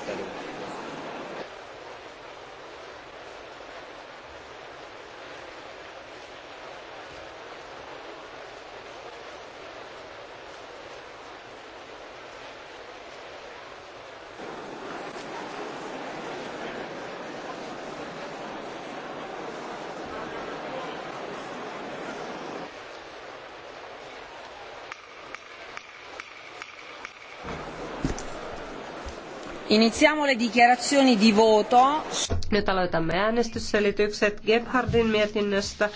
tätä niin Iniziamo le dichiarazioni di voto. Nyt aloitamme äänestysselitykset Gebhardin mietinnöstä,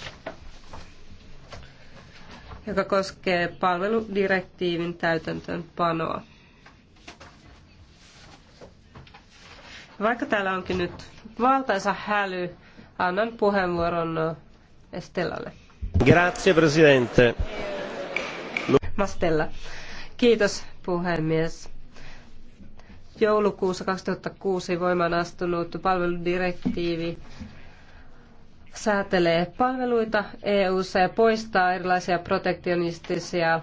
joka koskee palveludirektiivin täytäntöönpanoa. Vaikka täällä onkin nyt valtaisa häly, annan puheenvuoron äh, Estellalle. Grazie, Presidente. Mastella. Kiitos, puhemies joulukuussa 2006 voimaan astunut palveludirektiivi säätelee palveluita EU:ssa ja poistaa erilaisia protektionistisia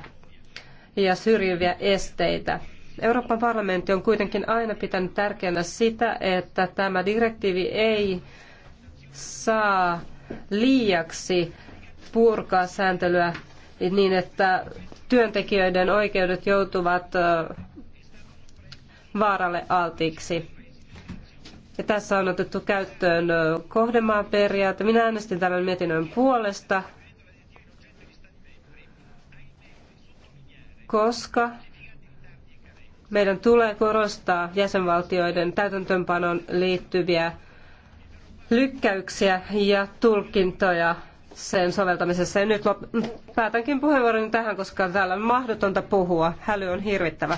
ja syrjiviä esteitä. Euroopan parlamentti on kuitenkin aina pitänyt tärkeänä sitä, että tämä direktiivi ei saa liiaksi purkaa sääntelyä niin, että työntekijöiden oikeudet joutuvat vaaralle altiiksi. Ja tässä on otettu käyttöön kohdemaan periaate. Minä äänestin tämän mietinnön puolesta, koska meidän tulee korostaa jäsenvaltioiden täytäntöönpanon liittyviä lykkäyksiä ja tulkintoja sen soveltamisessa. Ja nyt lop- päätänkin puheenvuoroni tähän, koska täällä on mahdotonta puhua. Häly on hirvittävä.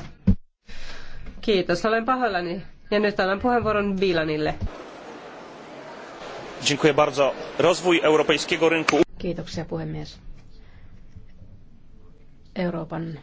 Kiitos, olen pahoillani. Ja nyt annan puheenvuoron Bilanille. Dziękuję bardzo. Rozwój europejskiego rynku. Kiitoksia puhemies. Euroopan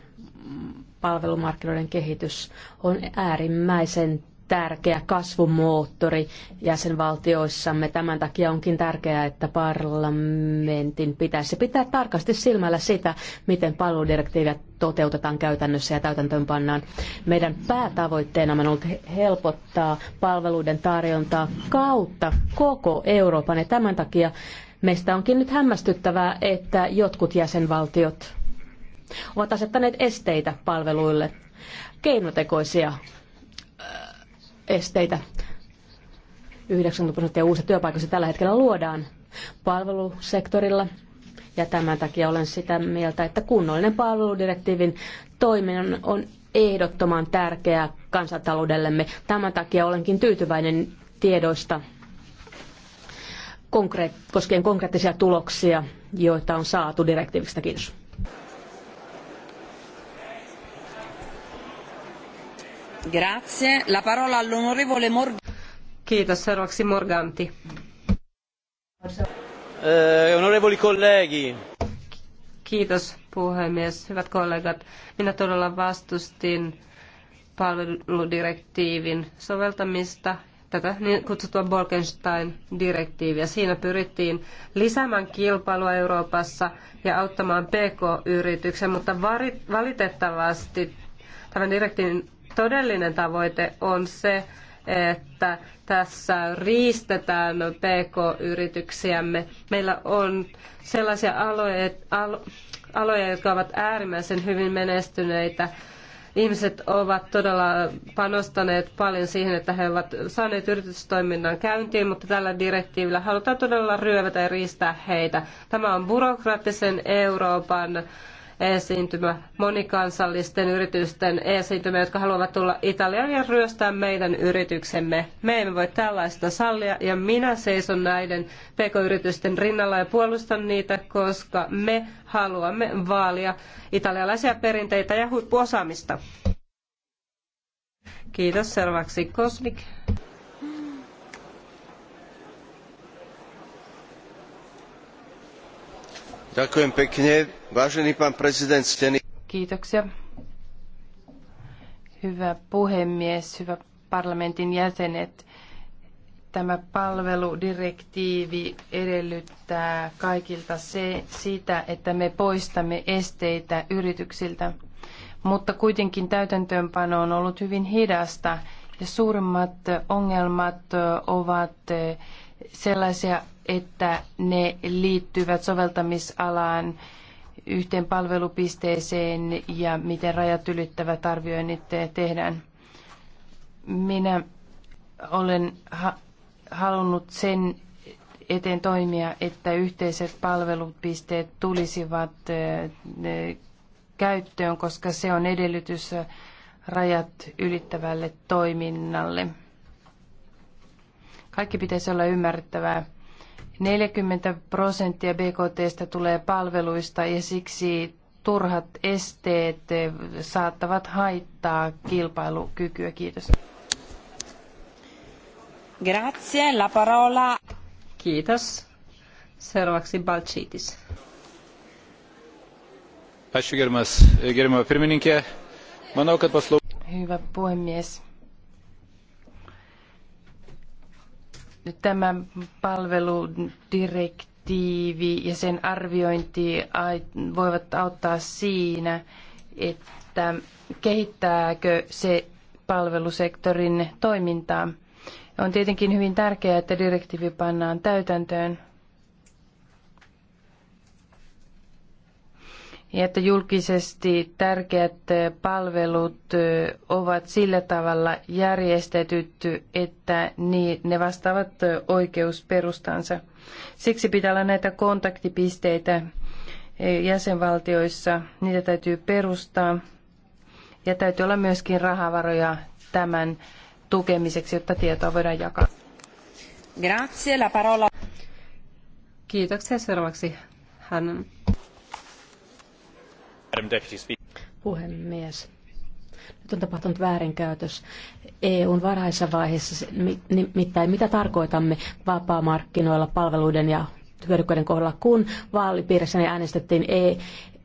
palvelumarkkinoiden kehitys on äärimmäisen tärkeä kasvumoottori jäsenvaltioissamme. Tämän takia onkin tärkeää, että parlamentin pitäisi pitää tarkasti silmällä sitä, miten palveludirektiiviä toteutetaan käytännössä ja täytäntöönpannaan. Meidän päätavoitteena on ollut helpottaa palveluiden tarjontaa kautta koko Euroopan ja tämän takia meistä onkin nyt hämmästyttävää, että jotkut jäsenvaltiot ovat asettaneet esteitä palveluille keinotekoisia esteitä. 90 prosenttia uusista työpaikoista tällä hetkellä luodaan palvelusektorilla. Ja tämän takia olen sitä mieltä, että kunnollinen palveludirektiivin toiminnan on ehdottoman tärkeää kansantaloudellemme. Tämän takia olenkin tyytyväinen tiedoista koskien konkreettisia tuloksia, joita on saatu direktiivistä. Kiitos. Grazie. La parola all'onorevole Morganti. Kiitos. Seuraavaksi Morganti. Eh, onorevoli Kiitos puhemies. Hyvät kollegat, minä todella vastustin palveludirektiivin soveltamista, tätä niin kutsuttua Bolkenstein-direktiiviä. Siinä pyrittiin lisäämään kilpailua Euroopassa ja auttamaan PK-yrityksen, mutta valitettavasti tämän direktiivin todellinen tavoite on se, että tässä riistetään PK-yrityksiämme. Meillä on sellaisia aloja, jotka ovat äärimmäisen hyvin menestyneitä. Ihmiset ovat todella panostaneet paljon siihen, että he ovat saaneet yritystoiminnan käyntiin, mutta tällä direktiivillä halutaan todella ryövätä ja riistää heitä. Tämä on byrokraattisen Euroopan esiintymä, monikansallisten yritysten esiintymä, jotka haluavat tulla Italiaan ja ryöstää meidän yrityksemme. Me emme voi tällaista sallia ja minä seison näiden pk-yritysten rinnalla ja puolustan niitä, koska me haluamme vaalia italialaisia perinteitä ja huippuosaamista. Kiitos. Seuraavaksi Kosmik. Kiitoksia. Hyvä puhemies, hyvä parlamentin jäsenet. Tämä palveludirektiivi edellyttää kaikilta se, sitä, että me poistamme esteitä yrityksiltä. Mutta kuitenkin täytäntöönpano on ollut hyvin hidasta ja suurimmat ongelmat ovat sellaisia että ne liittyvät soveltamisalaan yhteen palvelupisteeseen ja miten rajat ylittävät arvioinnit tehdään. Minä olen ha- halunnut sen eteen toimia, että yhteiset palvelupisteet tulisivat käyttöön, koska se on edellytys rajat ylittävälle toiminnalle. Kaikki pitäisi olla ymmärrettävää 40 prosenttia BKTstä tulee palveluista ja siksi turhat esteet saattavat haittaa kilpailukykyä. Kiitos. Grazie, la parola. Kiitos. Seuraavaksi Balchitis. Ačiū, gerbiamas, gerbiama pirmininkė. Manau, kad paslaug... Hyvä puhemies. tämä palveludirektiivi ja sen arviointi voivat auttaa siinä, että kehittääkö se palvelusektorin toimintaa. On tietenkin hyvin tärkeää, että direktiivi pannaan täytäntöön ja että julkisesti tärkeät palvelut ovat sillä tavalla järjestetyt, että ne vastaavat oikeusperustansa. Siksi pitää olla näitä kontaktipisteitä jäsenvaltioissa, niitä täytyy perustaa ja täytyy olla myöskin rahavaroja tämän tukemiseksi, jotta tietoa voidaan jakaa. Grazie, la parola. Kiitoksia seuraavaksi hän Puhemies. Nyt on tapahtunut väärinkäytös. EUn varhaisessa vaiheessa, nimittäin mitä tarkoitamme vapaamarkkinoilla palveluiden ja hyödykkeiden kohdalla, kun vaalipiirissäni äänestettiin e-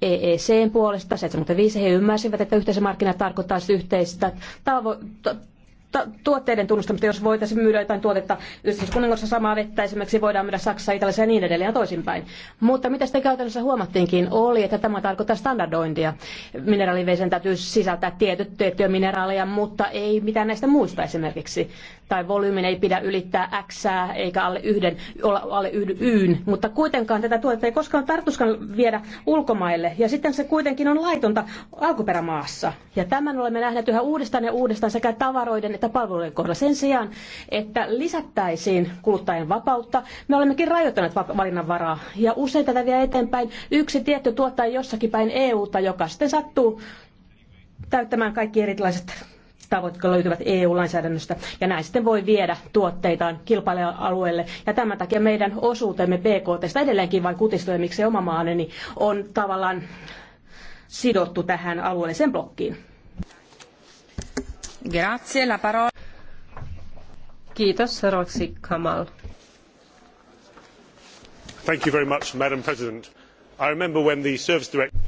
EECn puolesta 75 he ymmärsivät, että yhteisömarkkinat tarkoittaa yhteistä tavo- tuotteiden tunnustamista, jos voitaisiin myydä jotain tuotetta yhdistyskuningossa samaa vettä, esimerkiksi voidaan myydä Saksassa, Italiassa ja niin edelleen ja toisinpäin. Mutta mitä sitten käytännössä huomattiinkin oli, että tämä tarkoittaa standardointia. Mineraaliveeseen täytyy sisältää tietyt tiettyjä mineraaleja, mutta ei mitään näistä muista esimerkiksi tai volyymin ei pidä ylittää X eikä alle yhden, olla alle yyn, mutta kuitenkaan tätä tuotetta ei koskaan tartuskaan viedä ulkomaille. Ja sitten se kuitenkin on laitonta alkuperämaassa. Ja tämän olemme nähneet yhä uudestaan ja uudestaan sekä tavaroiden että palvelujen kohdalla. Sen sijaan, että lisättäisiin kuluttajien vapautta, me olemmekin rajoittaneet valinnanvaraa. Ja usein tätä vie eteenpäin yksi tietty tuottaja jossakin päin EUta, joka sitten sattuu täyttämään kaikki erilaiset tavoitteet, löytyvät EU-lainsäädännöstä, ja näin sitten voi viedä tuotteitaan kilpailualueelle. Ja tämän takia meidän osuutemme BKTstä edelleenkin vain kutistuu, ja miksei oma maani, niin on tavallaan sidottu tähän alueelliseen blokkiin. Grazie, la parola. Kiitos, Roksi Kamal. Thank you very much, Madam President. I remember when the service director...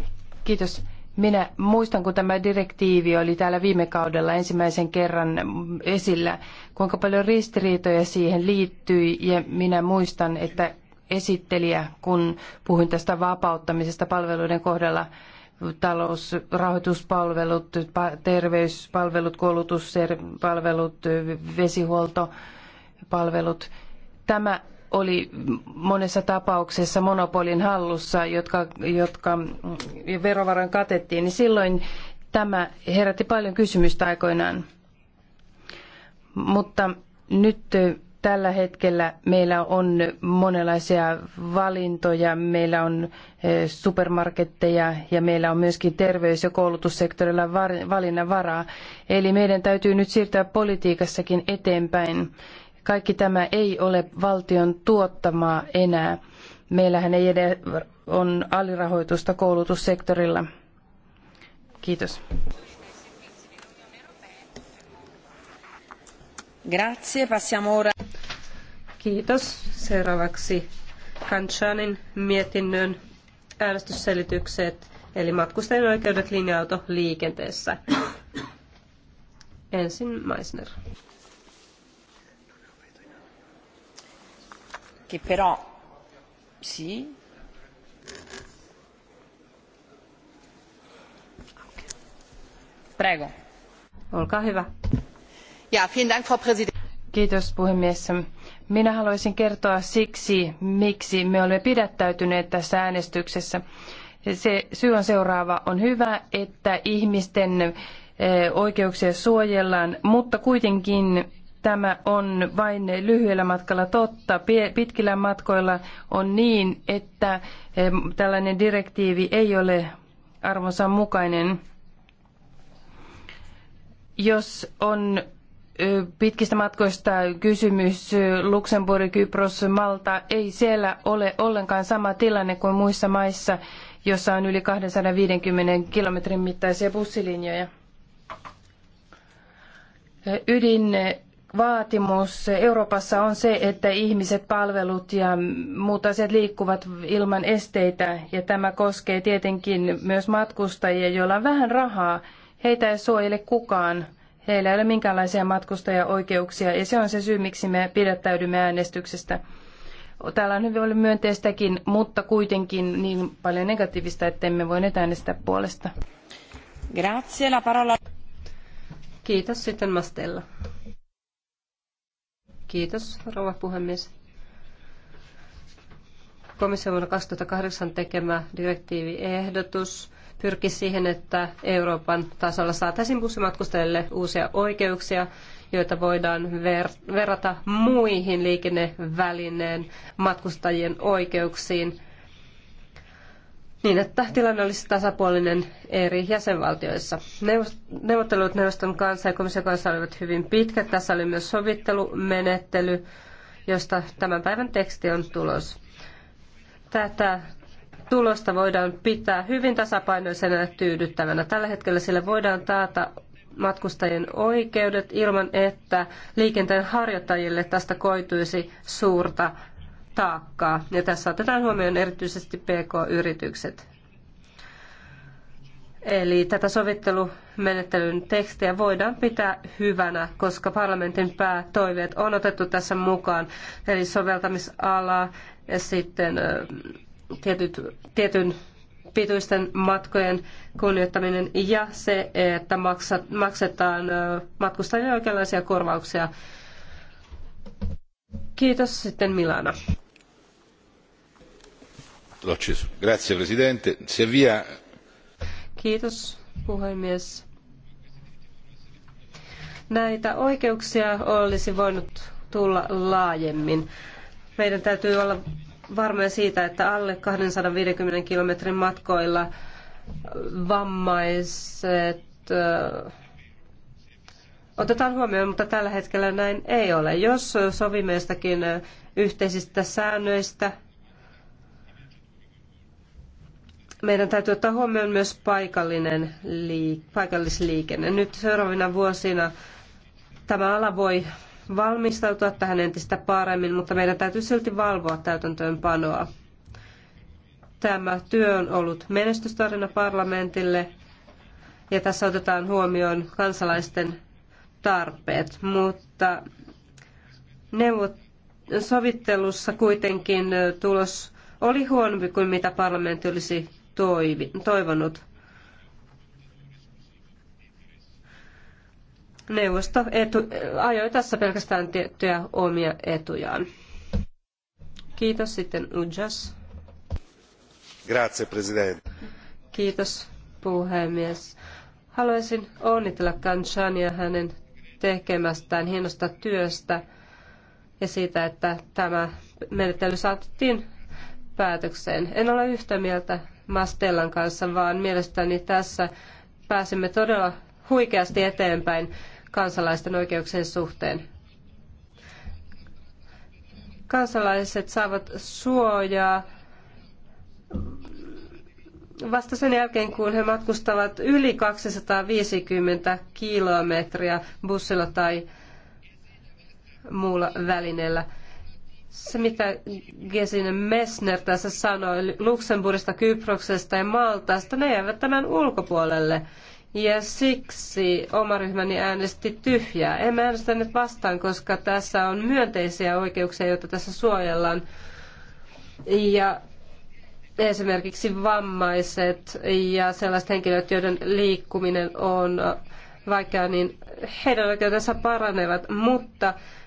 Kiitos minä muistan, kun tämä direktiivi oli täällä viime kaudella ensimmäisen kerran esillä, kuinka paljon ristiriitoja siihen liittyi ja minä muistan, että esittelijä, kun puhuin tästä vapauttamisesta palveluiden kohdalla, talous, rahoituspalvelut, terveyspalvelut, koulutuspalvelut, vesihuoltopalvelut. Tämä oli monessa tapauksessa monopolin hallussa, jotka, jotka verovaroin katettiin, niin silloin tämä herätti paljon kysymystä aikoinaan. Mutta nyt tällä hetkellä meillä on monenlaisia valintoja. Meillä on supermarketteja ja meillä on myöskin terveys- ja koulutussektorilla valinnanvaraa. Eli meidän täytyy nyt siirtyä politiikassakin eteenpäin. Kaikki tämä ei ole valtion tuottamaa enää. Meillähän ei edes on alirahoitusta koulutussektorilla. Kiitos. Grazie, passiamo ora. Kiitos. Seuraavaksi Kanchanin mietinnön äänestysselitykset, eli matkustajien oikeudet linja-autoliikenteessä. Ensin Meisner. che però sì Prego. Olkaa hyvä. Ja, vielen Frau Kiitos puhemies. Minä haluaisin kertoa siksi, miksi me olemme pidättäytyneet tässä äänestyksessä. Se syy on seuraava. On hyvä, että ihmisten eh, oikeuksia suojellaan, mutta kuitenkin Tämä on vain lyhyellä matkalla totta. Pitkillä matkoilla on niin, että tällainen direktiivi ei ole arvonsa mukainen. Jos on pitkistä matkoista kysymys. Luxemburg, Kypros, Malta, ei siellä ole ollenkaan sama tilanne kuin muissa maissa, jossa on yli 250 kilometrin mittaisia bussilinjoja. Ydin vaatimus Euroopassa on se, että ihmiset, palvelut ja muut asiat liikkuvat ilman esteitä. Ja tämä koskee tietenkin myös matkustajia, joilla on vähän rahaa. Heitä ei suojele kukaan. Heillä ei ole minkäänlaisia matkustajaoikeuksia ja se on se syy, miksi me pidättäydymme äänestyksestä. Täällä on hyvin ollut myönteistäkin, mutta kuitenkin niin paljon negatiivista, että emme voineet äänestää puolesta. Grazie, la parola. Kiitos sitten Mastella. Kiitos, rouva puhemies. Komission vuonna 2008 tekemä direktiiviehdotus pyrki siihen, että Euroopan tasolla saataisiin bussimatkustajille uusia oikeuksia, joita voidaan ver- verrata muihin liikennevälineen matkustajien oikeuksiin – niin, että tilanne olisi tasapuolinen eri jäsenvaltioissa. Neuvottelut neuvoston kanssa ja komission kanssa olivat hyvin pitkät. Tässä oli myös sovittelumenettely, josta tämän päivän teksti on tulos. Tätä tulosta voidaan pitää hyvin tasapainoisena ja tyydyttävänä. Tällä hetkellä sille voidaan taata matkustajien oikeudet ilman, että liikenteen harjoittajille tästä koituisi suurta taakkaa. Ja tässä otetaan huomioon erityisesti PK-yritykset. Eli tätä sovittelumenettelyn tekstiä voidaan pitää hyvänä, koska parlamentin päätoiveet on otettu tässä mukaan, eli soveltamisala ja sitten tietyt, tietyn pituisten matkojen kunnioittaminen ja se, että maksetaan matkustajille oikeanlaisia korvauksia. Kiitos sitten Milana. Grazie, presidente. Näitä oikeuksia olisi voinut tulla laajemmin. Meidän täytyy olla varmoja siitä, että alle 250 kilometrin matkoilla vammaiset otetaan huomioon, mutta tällä hetkellä näin ei ole. Jos sovimme jostakin yhteisistä säännöistä, meidän täytyy ottaa huomioon myös paikallinen paikallisliikenne. Nyt seuraavina vuosina tämä ala voi valmistautua tähän entistä paremmin, mutta meidän täytyy silti valvoa täytäntöönpanoa. Tämä työ on ollut menestystarina parlamentille ja tässä otetaan huomioon kansalaisten tarpeet, mutta neuvot, sovittelussa kuitenkin tulos oli huonompi kuin mitä parlamentti olisi toivi, toivonut. Neuvosto etu, ajoi tässä pelkästään tiettyjä omia etujaan. Kiitos sitten Ujas. Grazie, presidente. Kiitos, puhemies. Haluaisin onnitella Kanchania hänen tekemästään hienosta työstä ja siitä, että tämä menettely saatettiin päätökseen. En ole yhtä mieltä Mastellan kanssa, vaan mielestäni tässä pääsemme todella huikeasti eteenpäin kansalaisten oikeuksien suhteen. Kansalaiset saavat suojaa vasta sen jälkeen, kun he matkustavat yli 250 kilometriä bussilla tai muulla välineellä. Se, mitä Gesine Messner tässä sanoi Luxemburgista, Kyproksesta ja Maltaasta, ne jäävät tämän ulkopuolelle. Ja siksi oma ryhmäni äänesti tyhjää. Emme äänestänyt vastaan, koska tässä on myönteisiä oikeuksia, joita tässä suojellaan. Ja esimerkiksi vammaiset ja sellaiset henkilöt, joiden liikkuminen on vaikeaa, niin heidän oikeutensa paranevat, mutta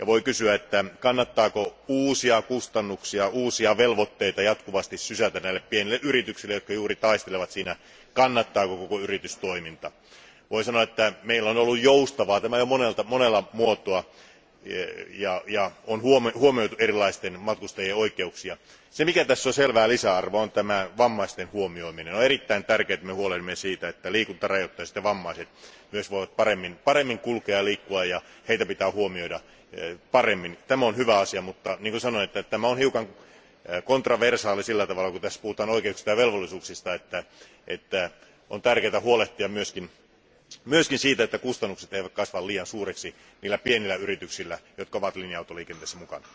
ja voi kysyä kannattaako uusia kustannuksia uusia velvoitteita jatkuvasti sysätä näille pienille yrityksille jotka juuri taistelevat siinä kannattaako koko yritystoiminta. voi sanoa että meillä on ollut joustavaa tämä jo monella muotoa ja, on huomioitu erilaisten matkustajien oikeuksia. se mikä tässä on selvää lisäarvoa on tämä vammaisten huomioiminen. on erittäin tärkeää että me huolehdimme siitä että liikuntarajoitteiset ja vammaiset myös voivat paremmin, kulkea ja liikkua ja heitä pitää huomioida eh, paremmin. tämä on hyvä asia mutta niin kuin sanoin tämä on hiukan eh, kontroversiaali sillä tavalla kun tässä puhutaan oikeuksista ja velvollisuuksista että, että on tärkeää huolehtia myös myös siitä että kustannukset eivät kasva liian suuriksi niillä pienillä yrityksillä jotka ovat linja autoliikenteessä mukana.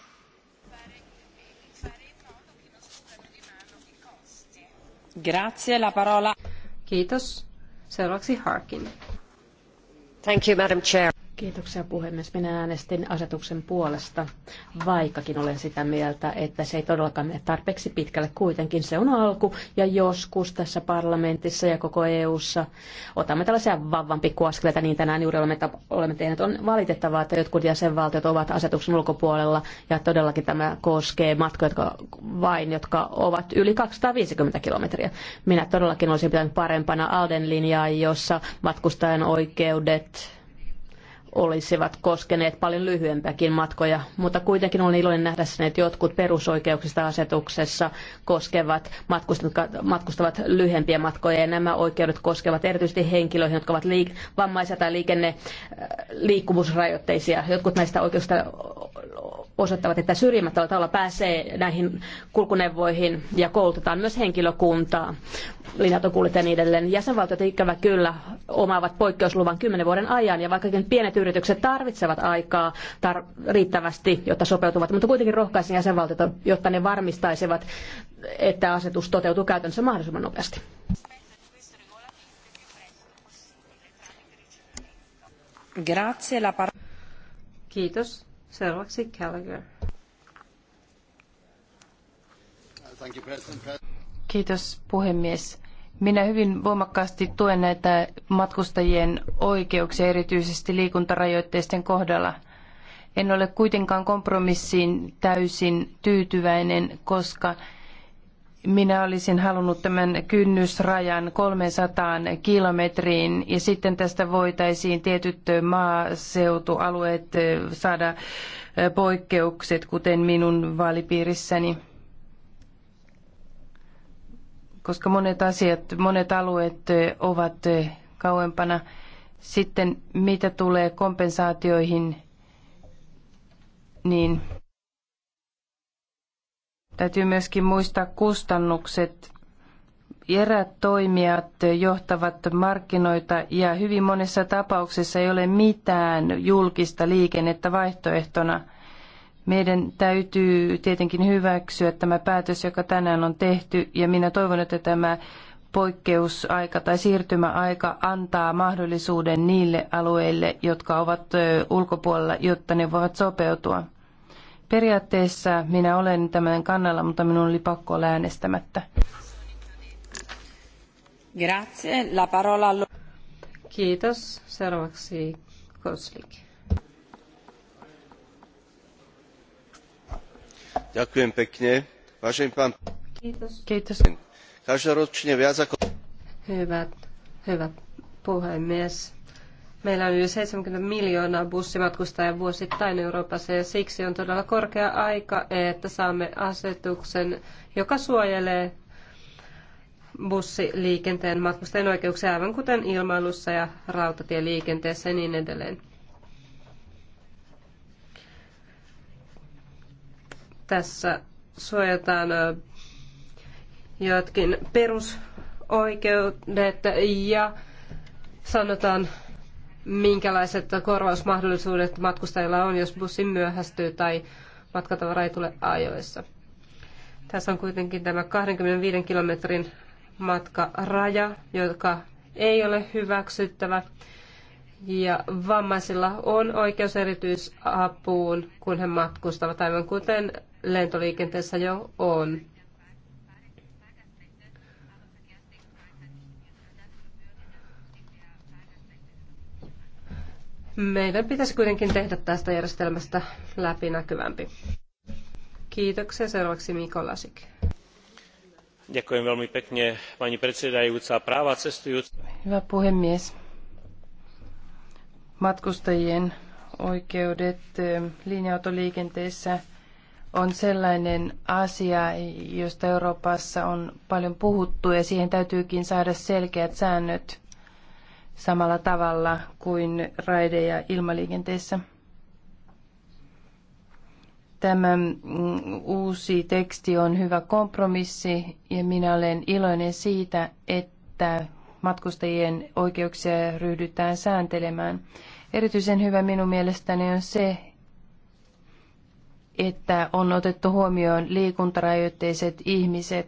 Kiitos. Seuraavaksi Harkin. Thank you, Madam Chair. Kiitoksia puhemies. Minä äänestin asetuksen puolesta, vaikkakin olen sitä mieltä, että se ei todellakaan mene tarpeeksi pitkälle. Kuitenkin se on alku ja joskus tässä parlamentissa ja koko EU:ssa otamme tällaisia vavvan pikkuaskeleita, niin tänään juuri olemme, olemme tehneet. On valitettavaa, että jotkut jäsenvaltiot ovat asetuksen ulkopuolella ja todellakin tämä koskee matkoja jotka vain, jotka ovat yli 250 kilometriä. Minä todellakin olisin pitänyt parempana Alden linjaa, jossa matkustajan oikeudet olisivat koskeneet paljon lyhyempäkin matkoja, mutta kuitenkin olen iloinen nähdä sen, että jotkut perusoikeuksista asetuksessa koskevat matkustavat, lyhyempiä matkoja ja nämä oikeudet koskevat erityisesti henkilöihin, jotka ovat liik- vammaisia tai liikenne, äh, liikkuvuusrajoitteisia. Jotkut näistä oikeuksista osoittavat, että syrjimättömällä tavalla pääsee näihin kulkuneuvoihin ja koulutetaan myös henkilökuntaa, linjautokuljettajia ja niin edelleen. Jäsenvaltiot ikävä kyllä omaavat poikkeusluvan kymmenen vuoden ajan ja vaikkakin pienet yritykset tarvitsevat aikaa tar- riittävästi, jotta sopeutuvat, mutta kuitenkin rohkaisin jäsenvaltioita, jotta ne varmistaisivat, että asetus toteutuu käytännössä mahdollisimman nopeasti. Grazie, la par- Kiitos. Seuraavaksi Gallagher. Kiitos puhemies. Minä hyvin voimakkaasti tuen näitä matkustajien oikeuksia, erityisesti liikuntarajoitteisten kohdalla. En ole kuitenkaan kompromissiin täysin tyytyväinen, koska minä olisin halunnut tämän kynnysrajan 300 kilometriin ja sitten tästä voitaisiin tietyt maaseutualueet eh, saada eh, poikkeukset, kuten minun vaalipiirissäni. Koska monet asiat, monet alueet eh, ovat kauempana. Sitten mitä tulee kompensaatioihin, niin Täytyy myöskin muistaa kustannukset. Erät toimijat johtavat markkinoita ja hyvin monessa tapauksessa ei ole mitään julkista liikennettä vaihtoehtona. Meidän täytyy tietenkin hyväksyä tämä päätös, joka tänään on tehty, ja minä toivon, että tämä poikkeusaika tai siirtymäaika antaa mahdollisuuden niille alueille, jotka ovat ulkopuolella, jotta ne voivat sopeutua. Periaatteessa minä olen tämän kannalla, mutta minun oli pakko olla äänestämättä. Grazie. La parola... Kiitos. Seuraavaksi Koslik. Ďakujem pekne. Vážený pán... Kiitos. Kiitos. Každoročne viac ako... hyvät, hyvä puhemies. Meillä on yli 70 miljoonaa bussimatkustajaa vuosittain Euroopassa ja siksi on todella korkea aika, että saamme asetuksen, joka suojelee bussiliikenteen matkustajien oikeuksia aivan kuten ilmailussa ja rautatieliikenteessä ja niin edelleen. Tässä suojataan jotkin perusoikeudet ja sanotaan minkälaiset korvausmahdollisuudet matkustajilla on, jos bussi myöhästyy tai matkatavara ei tule ajoissa. Tässä on kuitenkin tämä 25 kilometrin matkaraja, joka ei ole hyväksyttävä. Ja vammaisilla on oikeus erityisapuun, kun he matkustavat, aivan kuten lentoliikenteessä jo on. Meidän pitäisi kuitenkin tehdä tästä järjestelmästä läpinäkyvämpi. Kiitoksia. Seuraavaksi Mikko Lasik. Hyvä puhemies. Matkustajien oikeudet eh, linja-autoliikenteessä on sellainen asia, josta Euroopassa on paljon puhuttu ja siihen täytyykin saada selkeät säännöt – samalla tavalla kuin raide- ja ilmaliikenteessä. Tämä mm, uusi teksti on hyvä kompromissi ja minä olen iloinen siitä, että matkustajien oikeuksia ryhdytään sääntelemään. Erityisen hyvä minun mielestäni on se, että on otettu huomioon liikuntarajoitteiset ihmiset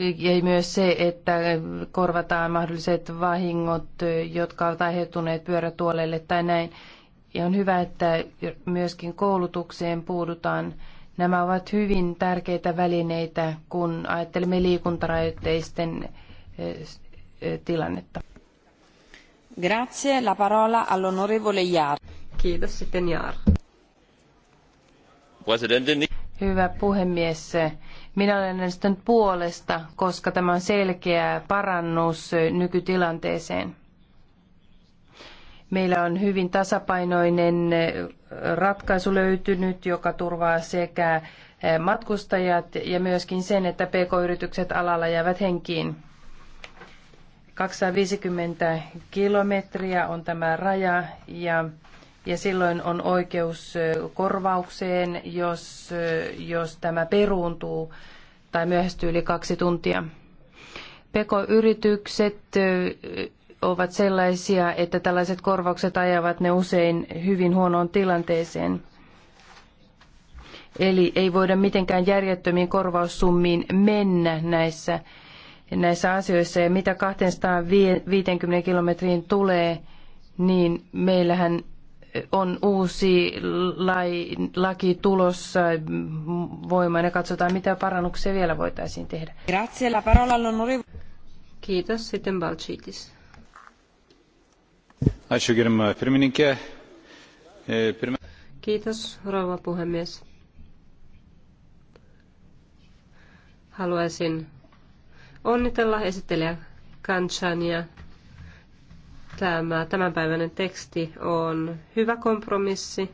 ja myös se, että korvataan mahdolliset vahingot, jotka ovat aiheutuneet pyörätuoleille tai näin. Ja on hyvä, että myöskin koulutukseen puudutaan. Nämä ovat hyvin tärkeitä välineitä, kun ajattelemme liikuntarajoitteisten tilannetta. Grazie, la parola all'onorevole Jaar. Kiitos sitten Jaar. Hyvä puhemies. Minä olen äänestänyt puolesta, koska tämä on selkeä parannus nykytilanteeseen. Meillä on hyvin tasapainoinen ratkaisu löytynyt, joka turvaa sekä eh, matkustajat ja myöskin sen, että pk-yritykset alalla jäävät henkiin. 250 kilometriä on tämä raja ja ja silloin on oikeus korvaukseen, jos, jos tämä peruuntuu tai myöhästyy yli kaksi tuntia. Pekoyritykset ovat sellaisia, että tällaiset korvaukset ajavat ne usein hyvin huonoon tilanteeseen. Eli ei voida mitenkään järjettömiin korvaussummiin mennä näissä, näissä asioissa. Ja mitä 250 kilometriin tulee, niin meillähän on uusi lai, laki tulossa voimaan ja katsotaan, mitä parannuksia vielä voitaisiin tehdä. Grazie, la parola all'onore. Kiitos, sitten Balchitis. E, Kiitos, rouva puhemies. Haluaisin onnitella esittelijä Kanchania Tämä tämänpäiväinen teksti on hyvä kompromissi,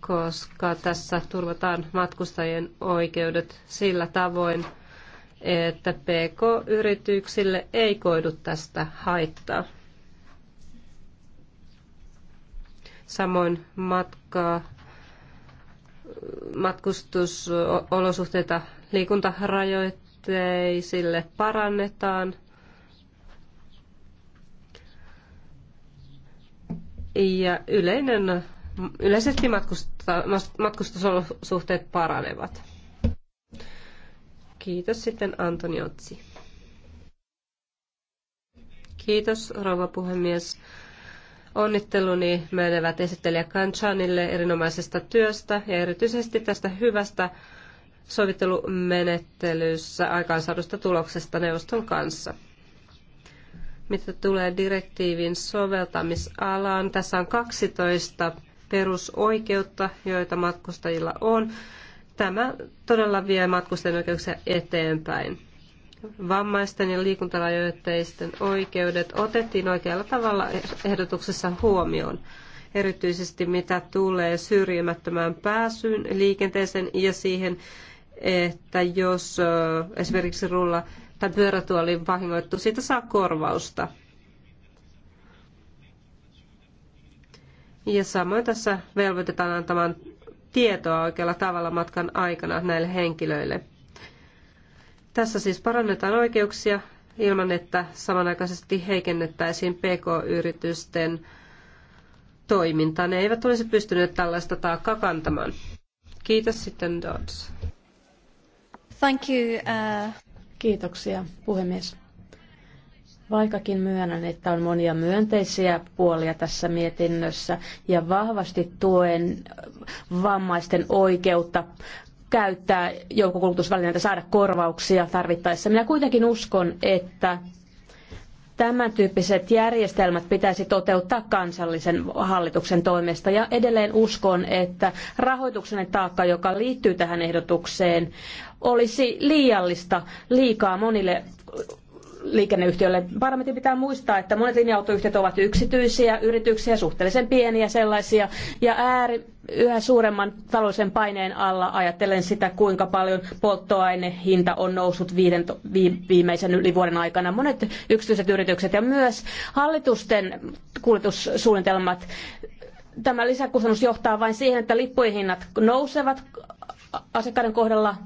koska tässä turvataan matkustajien oikeudet sillä tavoin, että PK-yrityksille ei koidu tästä haittaa. Samoin matkaa, matkustusolosuhteita liikuntarajoitteisille parannetaan – ja yleinen, yleisesti matkustusolosuhteet paranevat. Kiitos sitten Antoni Otsi. Kiitos rouva puhemies. Onnitteluni menevät esittelijä Kanchanille erinomaisesta työstä ja erityisesti tästä hyvästä sovittelumenettelyssä aikaansaadusta tuloksesta neuvoston kanssa. Mitä tulee direktiivin soveltamisalaan, tässä on 12 perusoikeutta, joita matkustajilla on. Tämä todella vie matkustajien oikeuksia eteenpäin. Vammaisten ja liikuntarajoitteisten oikeudet otettiin oikealla tavalla ehdotuksessa huomioon, erityisesti mitä tulee syrjimättömään pääsyyn liikenteeseen ja siihen, että jos esimerkiksi rulla tai pyörätuoli vahingoittu, siitä saa korvausta. Ja samoin tässä velvoitetaan antamaan tietoa oikealla tavalla matkan aikana näille henkilöille. Tässä siis parannetaan oikeuksia ilman, että samanaikaisesti heikennettäisiin pk-yritysten toimintaa. Ne eivät olisi pystyneet tällaista taakkaa kantamaan. Kiitos sitten Dodds. Thank you. Uh... Kiitoksia, puhemies. Vaikkakin myönnän, että on monia myönteisiä puolia tässä mietinnössä ja vahvasti tuen äh, vammaisten oikeutta käyttää joukkokulutusvälineitä, saada korvauksia tarvittaessa. Minä kuitenkin uskon, että Tämän tyyppiset järjestelmät pitäisi toteuttaa kansallisen hallituksen toimesta ja edelleen uskon, että rahoituksen taakka, joka liittyy tähän ehdotukseen, olisi liiallista liikaa monille liikenneyhtiölle. Parlamentin pitää muistaa, että monet linja-autoyhtiöt ovat yksityisiä yrityksiä, suhteellisen pieniä sellaisia, ja ääri, yhä suuremman taloudellisen paineen alla ajattelen sitä, kuinka paljon polttoainehinta on noussut viiden, viimeisen yli vuoden aikana. Monet yksityiset yritykset ja myös hallitusten kuljetussuunnitelmat Tämä lisäkustannus johtaa vain siihen, että lippujen hinnat nousevat asiakkaiden kohdalla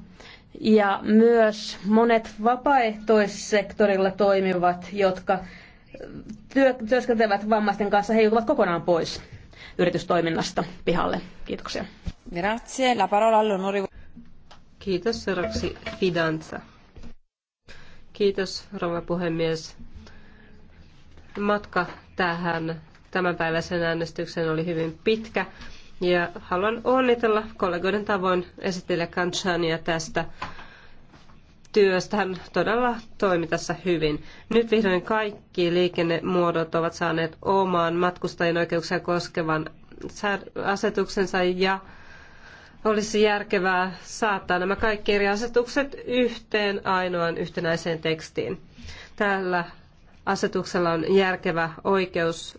ja myös monet vapaaehtoissektorilla toimivat, jotka työskentelevät vammaisten kanssa, he joutuvat kokonaan pois yritystoiminnasta pihalle. Kiitoksia. Grazie. La parola Kiitos seuraavaksi Fidanza. Kiitos rouva puhemies. Matka tähän tämänpäiväisen äänestyksen oli hyvin pitkä ja haluan onnitella kollegoiden tavoin esittelijä Kanchania tästä työstä. Hän todella toimi tässä hyvin. Nyt vihdoin kaikki liikennemuodot ovat saaneet omaan matkustajien oikeuksia koskevan asetuksensa ja olisi järkevää saattaa nämä kaikki eri asetukset yhteen ainoaan yhtenäiseen tekstiin. Tällä asetuksella on järkevä oikeus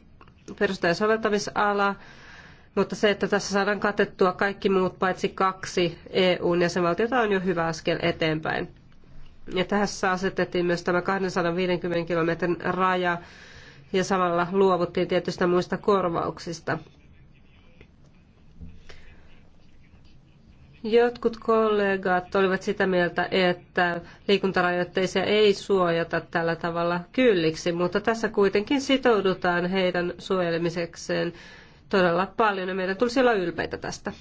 perustaa soveltamisala mutta se, että tässä saadaan katettua kaikki muut paitsi kaksi EUn jäsenvaltiota on jo hyvä askel eteenpäin. Ja tässä asetettiin myös tämä 250 kilometrin raja ja samalla luovuttiin tietystä muista korvauksista. Jotkut kollegat olivat sitä mieltä, että liikuntarajoitteisia ei suojata tällä tavalla kylliksi, mutta tässä kuitenkin sitoudutaan heidän suojelemisekseen todella paljon ja meidän tulisi olla ylpeitä tästä.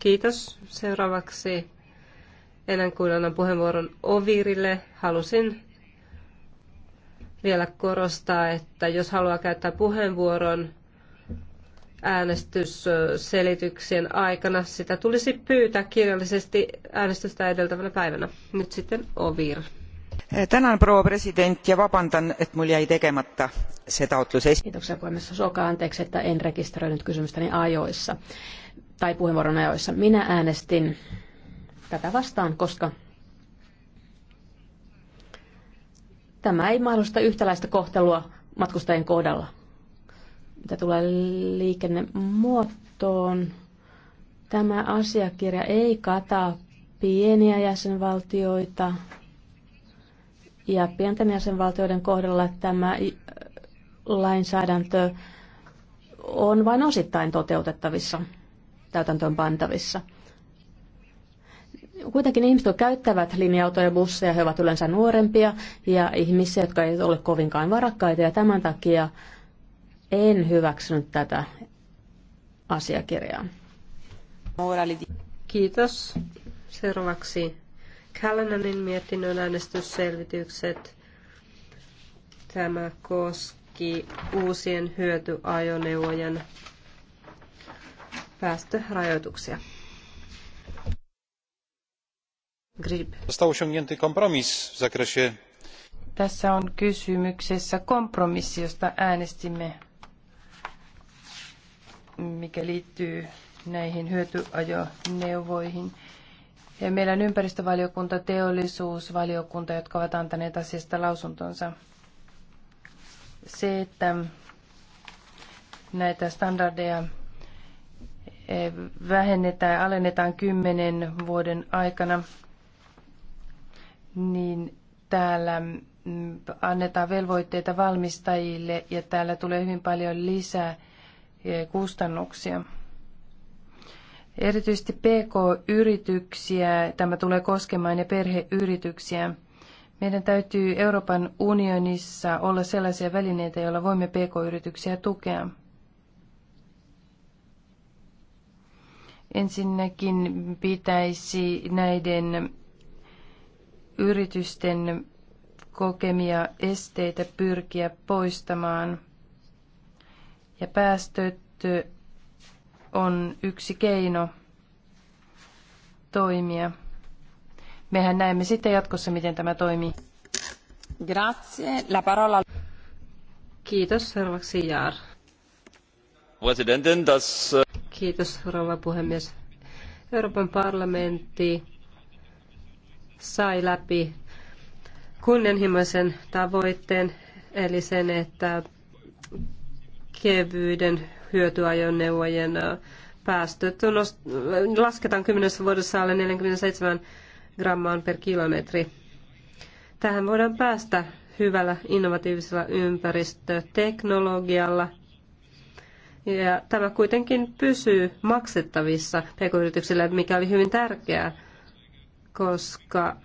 Kiitos. Seuraavaksi ennen kuin annan puheenvuoron Ovirille, halusin vielä korostaa, että jos haluaa käyttää puheenvuoron äänestysselityksien aikana, sitä tulisi pyytää kirjallisesti äänestystä edeltävänä päivänä. Nyt sitten Ovir tänan proua president ja vabandan et mul jäi tegemata se taotlus. kiitoksia puhemies suokaa anteeksi että en rekisteröinyt kysymystäni ajoissa tai puheenvuoron ajoissa. minä äänestin tätä vastaan koska tämä ei mahdollista yhtäläistä kohtelua matkustajien kohdalla. mitä tulee liikennemuotoon tämä asiakirja ei kata pieniä jäsenvaltioita ja pienten jäsenvaltioiden kohdalla tämä äh, lainsäädäntö on vain osittain toteutettavissa, täytäntöön pantavissa. Kuitenkin ihmiset, jotka käyttävät linja-autoja ja busseja, he ovat yleensä nuorempia ja ihmisiä, jotka eivät ole kovinkaan varakkaita. Ja tämän takia en hyväksynyt tätä asiakirjaa. Kiitos. Seuraavaksi Callananin mietinnön äänestysselvitykset. Tämä koski uusien hyötyajoneuvojen päästörajoituksia. Grib. Został osiągnięty kompromis w zakresie tässä on kysymyksessä kompromissi, josta äänestimme, mikä liittyy näihin hyötyajoneuvoihin. Ja meillä on ympäristövaliokunta, teollisuusvaliokunta, jotka ovat antaneet asiasta lausuntonsa. Se, että näitä standardeja eh, vähennetään ja alennetaan kymmenen vuoden aikana, niin täällä mm, annetaan velvoitteita valmistajille ja täällä tulee hyvin paljon lisää eh, kustannuksia. Erityisesti PK-yrityksiä tämä tulee koskemaan ja perheyrityksiä. Meidän täytyy Euroopan unionissa olla sellaisia välineitä, joilla voimme PK-yrityksiä tukea. Ensinnäkin pitäisi näiden yritysten kokemia esteitä pyrkiä poistamaan. Ja päästöt on yksi keino toimia. Mehän näemme sitten jatkossa, miten tämä toimii. Grazie. La parola. Kiitos. Seuraavaksi Jaar. Presidentin, Kiitos, rouva puhemies. Euroopan parlamentti sai läpi kunnianhimoisen tavoitteen, eli sen, että kevyyden hyötyajoneuvojen päästöt no, lasketaan kymmenessä vuodessa alle 47 grammaan per kilometri. Tähän voidaan päästä hyvällä innovatiivisella ympäristöteknologialla. Ja tämä kuitenkin pysyy maksettavissa pk-yrityksille, mikä oli hyvin tärkeää, koska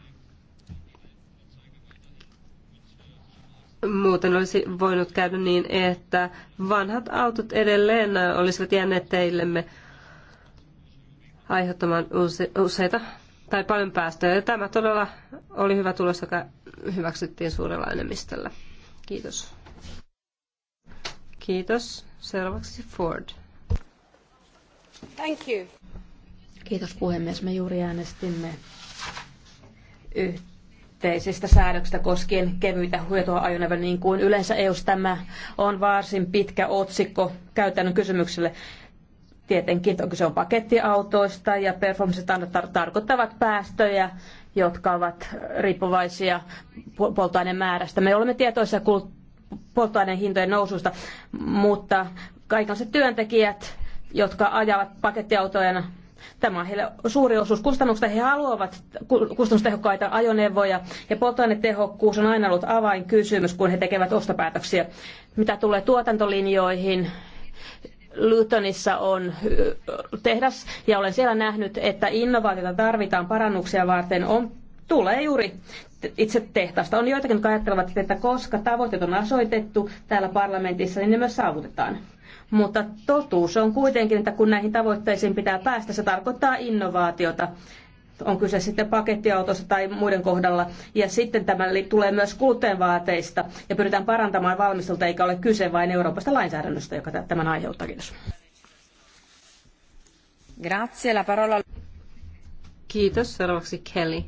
Muuten olisi voinut käydä niin, että vanhat autot edelleen olisivat jääneet teillemme aiheuttamaan useita tai paljon päästöjä. Ja tämä todella oli hyvä tulos, joka hyväksyttiin suurella enemmistöllä. Kiitos. Kiitos. Seuraavaksi Ford. Thank you. Kiitos puhemies. Me juuri äänestimme yhteen yhteisistä säädöksistä koskien kevyitä huoltoajoneuvoja, niin kuin yleensä eu tämä on varsin pitkä otsikko käytännön kysymykselle. Tietenkin on kyse on pakettiautoista ja performance tar- tarkoittavat päästöjä, jotka ovat riippuvaisia polttoaineen määrästä. Me olemme tietoisia polttoaineen hintojen noususta, mutta kaikenlaiset työntekijät, jotka ajavat pakettiautojen Tämä on heille suuri osuus kustannuksista. He haluavat kustannustehokkaita ajoneuvoja ja polttoainetehokkuus on aina ollut avainkysymys, kun he tekevät ostopäätöksiä. Mitä tulee tuotantolinjoihin, Lutonissa on tehdas ja olen siellä nähnyt, että innovaatiota tarvitaan parannuksia varten. On, tulee juuri itse tehtaasta. On joitakin, jotka ajattelevat, että koska tavoitteet on asoitettu täällä parlamentissa, niin ne myös saavutetaan. Mutta totuus on kuitenkin, että kun näihin tavoitteisiin pitää päästä, se tarkoittaa innovaatiota on kyse sitten pakettiautossa tai muiden kohdalla. Ja sitten tämä tulee myös kuluttajanvaateista ja pyritään parantamaan valmistelta, eikä ole kyse vain Euroopasta lainsäädännöstä, joka tämän aiheuttaa. Kiitos. Grazie, la parola. Kiitos. Seuraavaksi Kelly.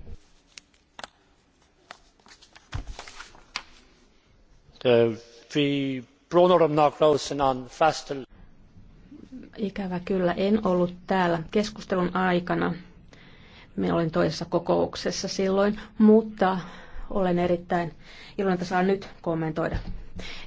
The eh, Ikävä kyllä en ollut täällä keskustelun aikana. Me olin toisessa kokouksessa silloin, mutta olen erittäin iloinen, että saan nyt kommentoida.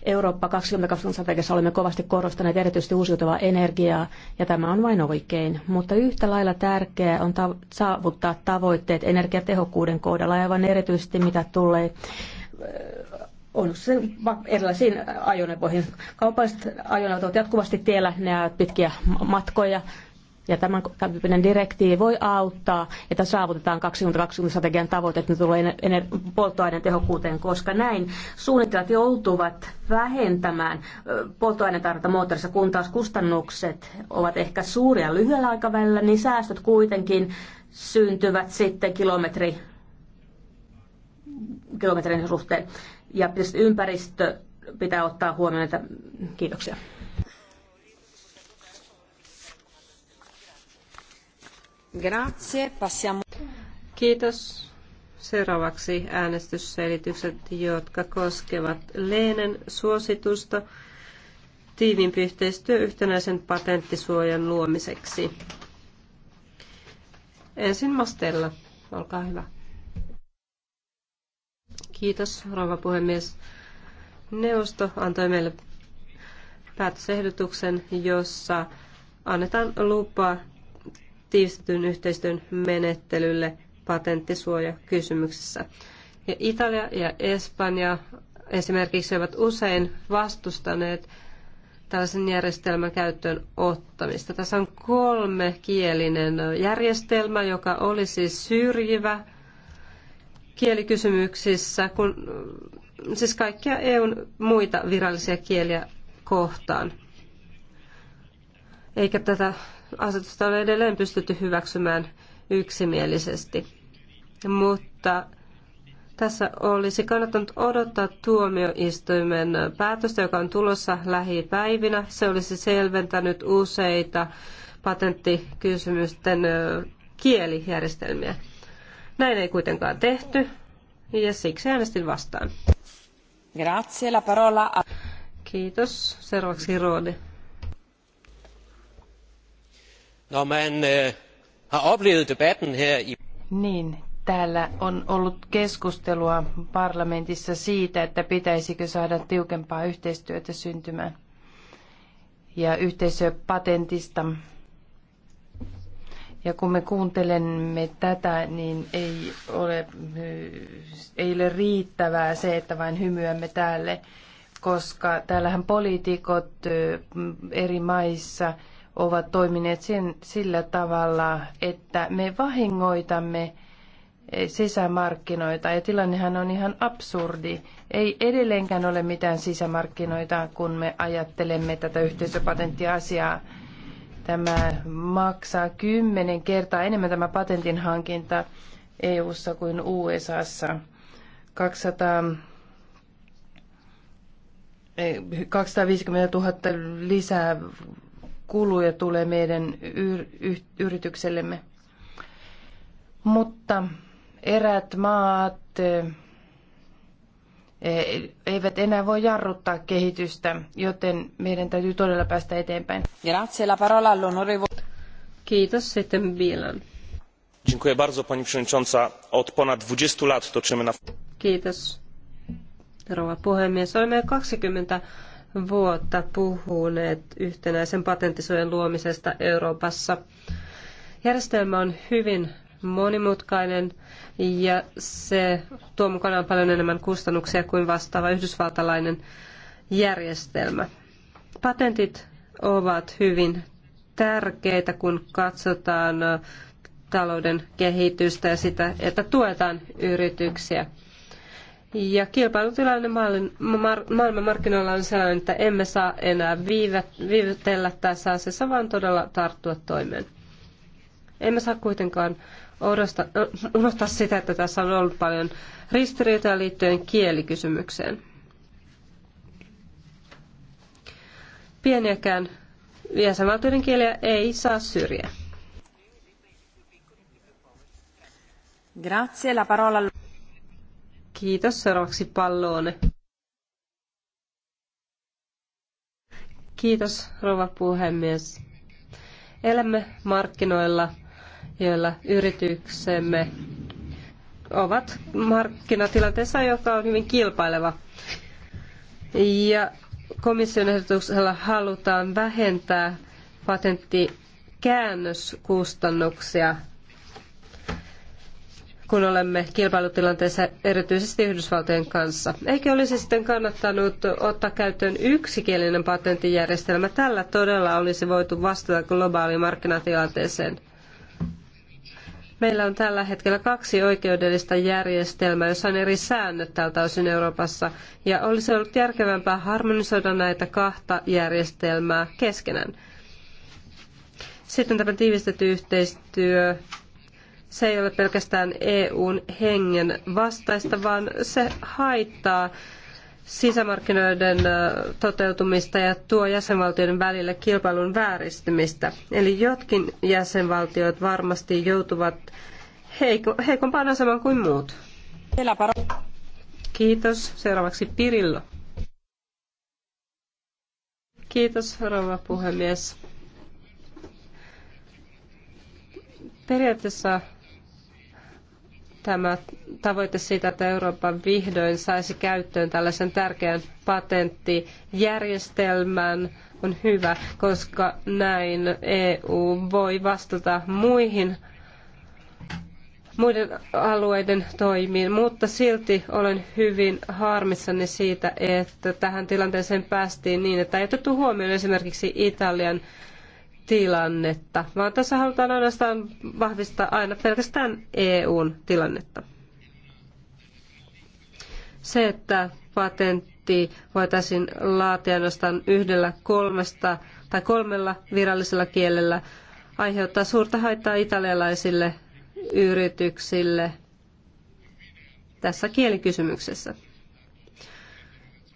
Eurooppa 2020 strategiassa olemme kovasti korostaneet erityisesti uusiutuvaa energiaa, ja tämä on vain oikein. Mutta yhtä lailla tärkeää on saavuttaa tavoitteet energiatehokkuuden kohdalla, aivan erityisesti mitä tulee on se erilaisiin ajoneuvoihin. Kaupalliset ajoneuvot ovat jatkuvasti tiellä, ne ajavat pitkiä matkoja. Ja tämän tyyppinen direktiivi voi auttaa, että saavutetaan 2020-strategian että ne tulee ener- polttoaineen tehokkuuteen, koska näin suunnittelijat joutuvat vähentämään polttoaineen tarvetta moottorissa, kun taas kustannukset ovat ehkä suuria lyhyellä aikavälillä, niin säästöt kuitenkin syntyvät sitten kilometri kilometrin suhteen ja tietysti ympäristö pitää ottaa huomioon. Että... Kiitoksia. Grazie, passiamo. Kiitos. Seuraavaksi äänestysselitykset, jotka koskevat Leenen suositusta tiivimpi yhteistyö yhtenäisen patenttisuojan luomiseksi. Ensin Mastella, olkaa hyvä. Kiitos, rouva puhemies. Neuvosto antoi meille päätösehdotuksen, jossa annetaan lupa tiivistetyn yhteistyön menettelylle patenttisuojakysymyksessä. Ja Italia ja Espanja esimerkiksi ovat usein vastustaneet tällaisen järjestelmän käyttöön ottamista. Tässä on kolme kielinen järjestelmä, joka olisi syrjivä kielikysymyksissä, kun, siis kaikkia EUn muita virallisia kieliä kohtaan. Eikä tätä asetusta ole edelleen pystytty hyväksymään yksimielisesti. Mutta tässä olisi kannattanut odottaa tuomioistuimen päätöstä, joka on tulossa lähipäivinä. Se olisi selventänyt useita patenttikysymysten kielijärjestelmiä. Näin ei kuitenkaan tehty, ja siksi äänestin vastaan. Grazie, la parola. Kiitos. Seuraavaksi Roode. No, men, øh, oplevet debatten her i... Niin, täällä on ollut keskustelua parlamentissa siitä, että pitäisikö saada tiukempaa yhteistyötä syntymään ja yhteisöpatentista ja kun me kuuntelemme tätä, niin ei ole, ei ole riittävää se, että vain hymyämme täällä, koska täällähän poliitikot eri maissa ovat toimineet sen, sillä tavalla, että me vahingoitamme e, sisämarkkinoita. Ja tilannehan on ihan absurdi. Ei edelleenkään ole mitään sisämarkkinoita, kun me ajattelemme tätä yhteisöpatenttiasiaa. asiaa Tämä maksaa kymmenen kertaa enemmän tämä patentin hankinta EU-ssa kuin USAssa. 200 250 000 lisää kuluja tulee meidän yrityksellemme. Mutta eräät maat eh, Eh, eivät enää voi jarruttaa kehitystä, joten meidän täytyy todella päästä eteenpäin. Grazie, la parola all'onorevole. Kiitos, sitten Bielan. Dziękuję bardzo, pani przewodnicząca. Od ponad 20 lat toczymy na... Kiitos, rouva puhemies. Olemme 20 vuotta puhuneet yhtenäisen patenttisuojan luomisesta Euroopassa. Järjestelmä on hyvin monimutkainen ja se tuo mukanaan paljon enemmän kustannuksia kuin vastaava yhdysvaltalainen järjestelmä. Patentit ovat hyvin tärkeitä, kun katsotaan talouden kehitystä ja sitä, että tuetaan yrityksiä. Ja kilpailutilanne maailmanmarkkinoilla on sellainen, että emme saa enää viivytellä tässä asiassa, vaan todella tarttua toimeen. Emme saa kuitenkaan Odottaa sitä, että tässä on ollut paljon ristiriitoja liittyen kielikysymykseen. Pieniäkään jäsenvaltioiden kieliä ei saa syrjiä. Grazie, la parola... Kiitos, seuraavaksi palloone. Kiitos, rouva puhemies. Elämme markkinoilla – joilla yrityksemme ovat markkinatilanteessa, joka on hyvin kilpaileva. Ja komission ehdotuksella halutaan vähentää patenttikäännöskustannuksia, kun olemme kilpailutilanteessa erityisesti Yhdysvaltojen kanssa. Eikö olisi sitten kannattanut ottaa käyttöön yksikielinen patenttijärjestelmä? Tällä todella olisi voitu vastata globaaliin markkinatilanteeseen. Meillä on tällä hetkellä kaksi oikeudellista järjestelmää, jossa on eri säännöt tältä osin Euroopassa, ja olisi ollut järkevämpää harmonisoida näitä kahta järjestelmää keskenään. Sitten tämä tiivistetty yhteistyö, se ei ole pelkästään EUn hengen vastaista, vaan se haittaa sisämarkkinoiden toteutumista ja tuo jäsenvaltioiden välille kilpailun vääristymistä. Eli jotkin jäsenvaltiot varmasti joutuvat heiko, heikompaan asemaan kuin muut. Kiitos. Seuraavaksi Pirillo. Kiitos, rouva puhemies. Periaatteessa tämä tavoite siitä, että Eurooppa vihdoin saisi käyttöön tällaisen tärkeän patenttijärjestelmän on hyvä, koska näin EU voi vastata muihin muiden alueiden toimiin, mutta silti olen hyvin harmissani siitä, että tähän tilanteeseen päästiin niin, että ei otettu huomioon esimerkiksi Italian tilannetta, vaan tässä halutaan ainoastaan vahvistaa aina pelkästään EUn tilannetta. Se, että patentti voitaisiin laatia ainoastaan yhdellä kolmesta tai kolmella virallisella kielellä, aiheuttaa suurta haittaa italialaisille yrityksille tässä kielikysymyksessä.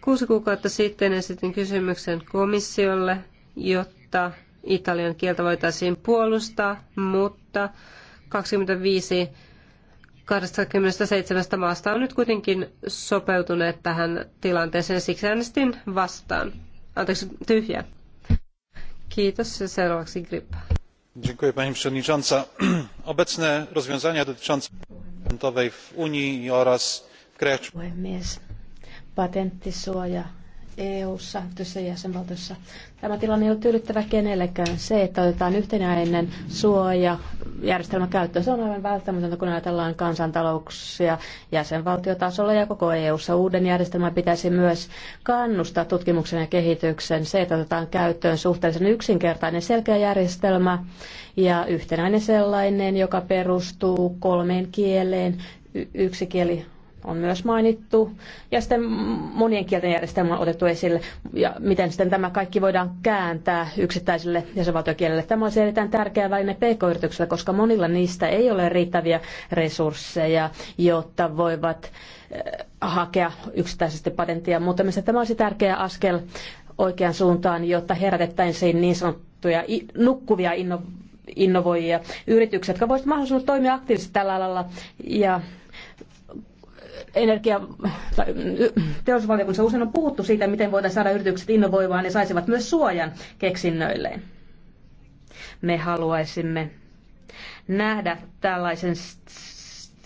Kuusi kuukautta sitten esitin kysymyksen komissiolle, jotta italian kieltä voitaisiin puolustaa, mutta 25 27 maasta on nyt kuitenkin sopeutuneet tähän tilanteeseen, siksi äänestin vastaan. Anteeksi, tyhjä. Kiitos ja seuraavaksi Grip. Dziękuję Pani Przewodnicząca. Obecne rozwiązania dotyczące patentowej w Unii oraz w krajach... Puhemies, patenttisuoja EU-ssa, tässä jäsenvaltiossa. Tämä tilanne ei ole tyydyttävä kenellekään. Se, että otetaan yhtenäinen suoja järjestelmä käyttöön, se on aivan välttämätöntä, kun ajatellaan kansantalouksia jäsenvaltiotasolla ja koko EU-ssa. Uuden järjestelmän pitäisi myös kannustaa tutkimuksen ja kehityksen. Se, että otetaan käyttöön suhteellisen yksinkertainen selkeä järjestelmä ja yhtenäinen sellainen, joka perustuu kolmeen kieleen, yksi kieli on myös mainittu, ja sitten monien kielten järjestelmä on otettu esille, ja miten sitten tämä kaikki voidaan kääntää yksittäiselle jäsenvaltiokielelle. Tämä on erittäin tärkeä väline pk-yrityksille, koska monilla niistä ei ole riittäviä resursseja, jotta voivat eh, hakea yksittäisesti patenttia, mutta mielestäni tämä olisi tärkeä askel oikeaan suuntaan, jotta herätettäisiin niin sanottuja nukkuvia innovaatioita innovoijia, yrityksiä, jotka voisivat mahdollisuus toimia aktiivisesti tällä alalla ja energia- tai mm, teollisuusvaliokunnassa usein on puhuttu siitä, miten voidaan saada yritykset innovoivaan ja saisivat myös suojan keksinnöilleen. Me haluaisimme nähdä tällaisen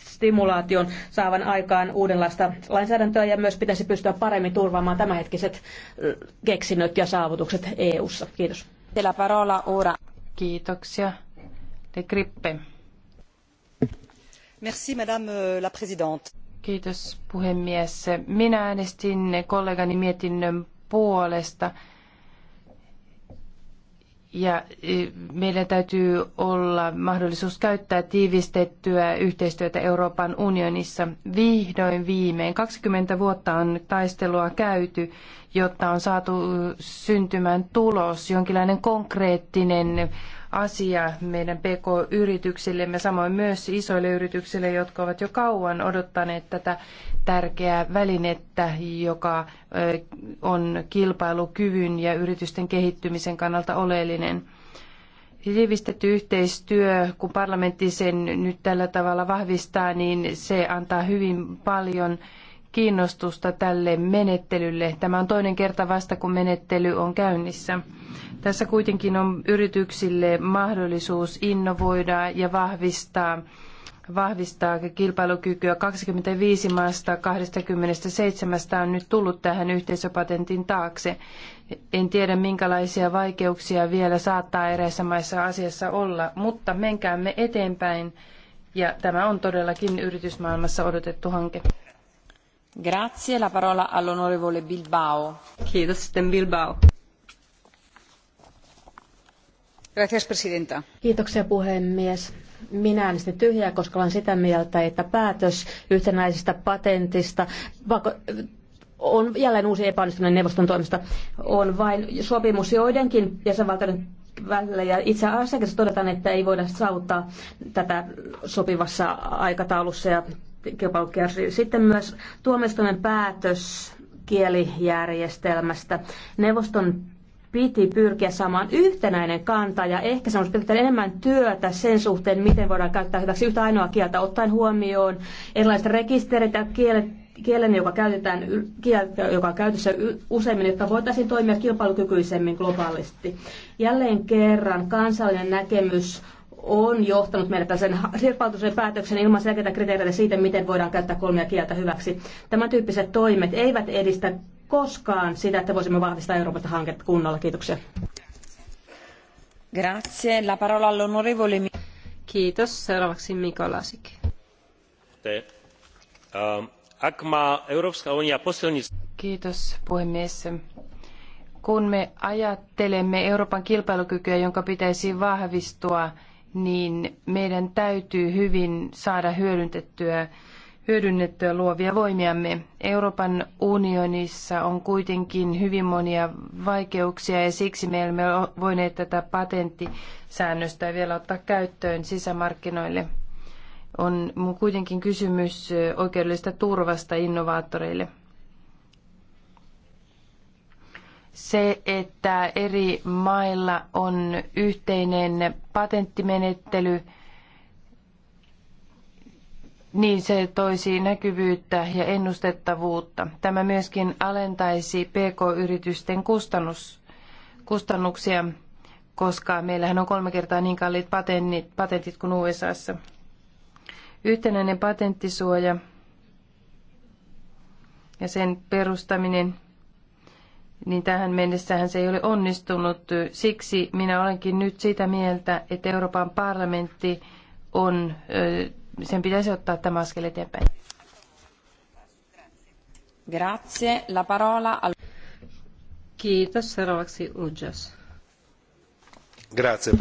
stimulaation saavan aikaan uudenlaista lainsäädäntöä ja myös pitäisi pystyä paremmin turvaamaan tämänhetkiset mm, keksinnöt ja saavutukset EU-ssa. Kiitos. Sillä parola ora, Kiitoksia. De Grippe. Merci madame euh, la présidente Kiitos puhemies. Minä äänestin kollegani mietinnön puolesta. Ja e, meillä täytyy olla mahdollisuus käyttää tiivistettyä yhteistyötä Euroopan unionissa vihdoin viimein. 20 vuotta on taistelua käyty, jotta on saatu syntymään tulos, jonkinlainen konkreettinen asia meidän PK-yrityksillemme, samoin myös isoille yrityksille, jotka ovat jo kauan odottaneet tätä tärkeää välinettä, joka on kilpailukyvyn ja yritysten kehittymisen kannalta oleellinen. Tiivistetty yhteistyö, kun parlamentti sen nyt tällä tavalla vahvistaa, niin se antaa hyvin paljon kiinnostusta tälle menettelylle. Tämä on toinen kerta vasta, kun menettely on käynnissä. Tässä kuitenkin on yrityksille mahdollisuus innovoida ja vahvistaa vahvistaa kilpailukykyä. 25 maasta 27 on nyt tullut tähän yhteisöpatentin taakse. En tiedä, minkälaisia vaikeuksia vielä saattaa eräissä maissa asiassa olla, mutta menkäämme eteenpäin. Ja tämä on todellakin yritysmaailmassa odotettu hanke arvoisa Kiitoksia puhemies. Minä äänestin tyhjää, koska olen sitä mieltä, että päätös yhtenäisestä patentista on jälleen uusi epäonnistuminen neuvoston toimesta. On vain sopimus joidenkin jäsenvaltioiden välillä. Ja itse asiassa todetaan, että ei voida saavuttaa tätä sopivassa aikataulussa ja kilpailu kärsii. Sitten myös tuomioistuimen päätös kielijärjestelmästä. Neuvoston piti pyrkiä saamaan yhtenäinen kanta ja ehkä se olisi pitänyt enemmän työtä sen suhteen, miten voidaan käyttää hyväksi yhtä ainoa kieltä, ottaen huomioon erilaiset rekisterit ja kielet, kielen, joka käytetään, kieltä, joka on käytössä useimmin, jotta voitaisiin toimia kilpailukykyisemmin globaalisti. Jälleen kerran kansallinen näkemys on johtanut meidät tällaisen sirpautuisen päätöksen ilman selkeitä kriteereitä siitä, miten voidaan käyttää kolmea kieltä hyväksi. Tämän tyyppiset toimet eivät edistä koskaan sitä, että voisimme vahvistaa Euroopasta hanketta kunnolla. Kiitoksia. Grazie. La parola all'onorevole. Kiitos. Seuraavaksi Mikko Te. Ähm, Kiitos puhemies kun me ajattelemme Euroopan kilpailukykyä, jonka pitäisi vahvistua, niin meidän täytyy hyvin saada hyödyntettyä hyödynnettyä luovia voimiamme. Euroopan unionissa on kuitenkin hyvin monia vaikeuksia ja siksi me emme ole voineet tätä patenttisäännöstä vielä ottaa käyttöön sisämarkkinoille. On kuitenkin kysymys oikeudellisesta turvasta innovaattoreille. se, että eri mailla on yhteinen patenttimenettely, niin se toisi näkyvyyttä ja ennustettavuutta. Tämä myöskin alentaisi pk-yritysten kustannus, kustannuksia, koska meillähän on kolme kertaa niin kalliit patentit, patentit kuin USAssa. Yhtenäinen patenttisuoja ja sen perustaminen – niin tähän mennessähän se ei ole onnistunut. Siksi minä olenkin nyt sitä mieltä, että Euroopan parlamentti on, sen pitäisi ottaa tämä askel eteenpäin. Grazie. La parola al... Kiitos. Seuraavaksi Ujas. Grazie.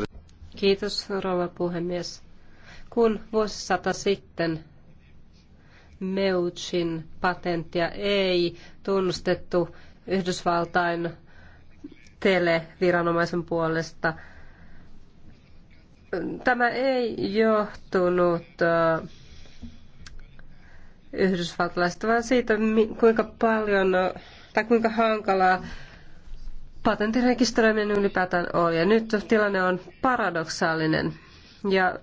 Kiitos, rouva puhemies. Kun vuosisata sitten Meuchin patenttia ei tunnustettu, Yhdysvaltain televiranomaisen puolesta. Tämä ei johtunut yhdysvaltalaisista, vaan siitä, kuinka paljon tai kuinka hankalaa patentin ylipäätään on. Ja nyt tilanne on paradoksaalinen. Ja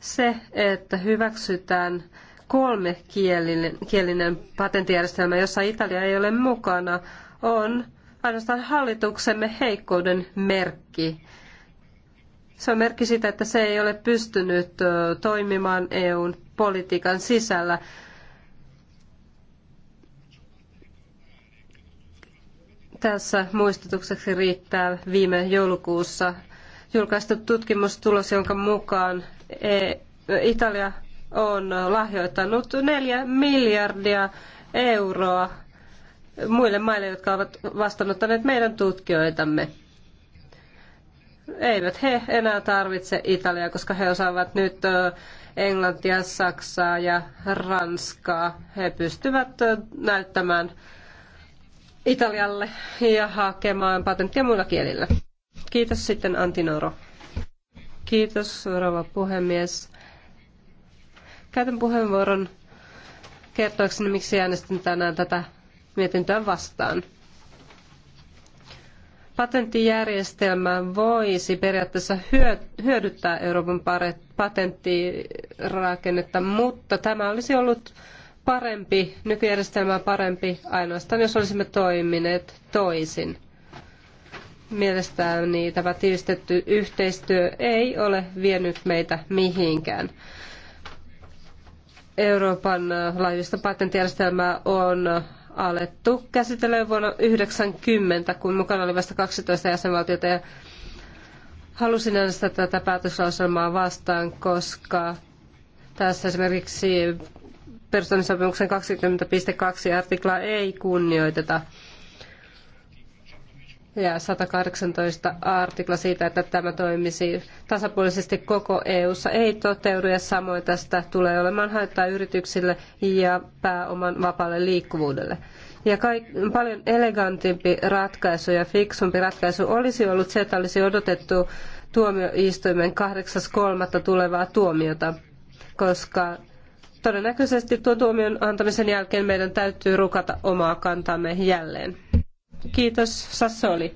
se, että hyväksytään kolmekielinen kielinen patenttijärjestelmä, jossa Italia ei ole mukana, on ainoastaan hallituksemme heikkouden merkki. Se on merkki siitä, että se ei ole pystynyt toimimaan EUn politiikan sisällä. Tässä muistutukseksi riittää viime joulukuussa julkaistu tutkimustulos, jonka mukaan e- Italia on lahjoittanut neljä miljardia euroa muille maille, jotka ovat vastaanottaneet meidän tutkijoitamme. Eivät he enää tarvitse Italiaa, koska he osaavat nyt englantia, saksaa ja ranskaa. He pystyvät näyttämään Italialle ja hakemaan patenttia muilla kielillä. Kiitos sitten Antinoro. Kiitos, rouva puhemies käytän puheenvuoron kertoakseni, miksi äänestin tänään tätä mietintöä vastaan. Patenttijärjestelmä voisi periaatteessa hyödyttää Euroopan patenttirakennetta, mutta tämä olisi ollut parempi, nykyjärjestelmää parempi ainoastaan, jos olisimme toimineet toisin. Mielestäni tämä tiivistetty yhteistyö ei ole vienyt meitä mihinkään. Euroopan laajuista patenttijärjestelmää on alettu käsitellä jo vuonna 1990, kun mukana oli vasta 12 jäsenvaltiota. Ja halusin äänestää tätä päätöslauselmaa vastaan, koska tässä esimerkiksi perustuslain sopimuksen 20.2 artiklaa ei kunnioiteta ja 118 artikla siitä, että tämä toimisi tasapuolisesti koko EU:ssa ei toteudu ja samoin tästä tulee olemaan haittaa yrityksille ja pääoman vapaalle liikkuvuudelle. Ja kaik, paljon elegantimpi ratkaisu ja fiksumpi ratkaisu olisi ollut se, että olisi odotettu tuomioistuimen 8.3. tulevaa tuomiota, koska todennäköisesti tuon tuomion antamisen jälkeen meidän täytyy rukata omaa kantamme jälleen. Kiitos Sassoli.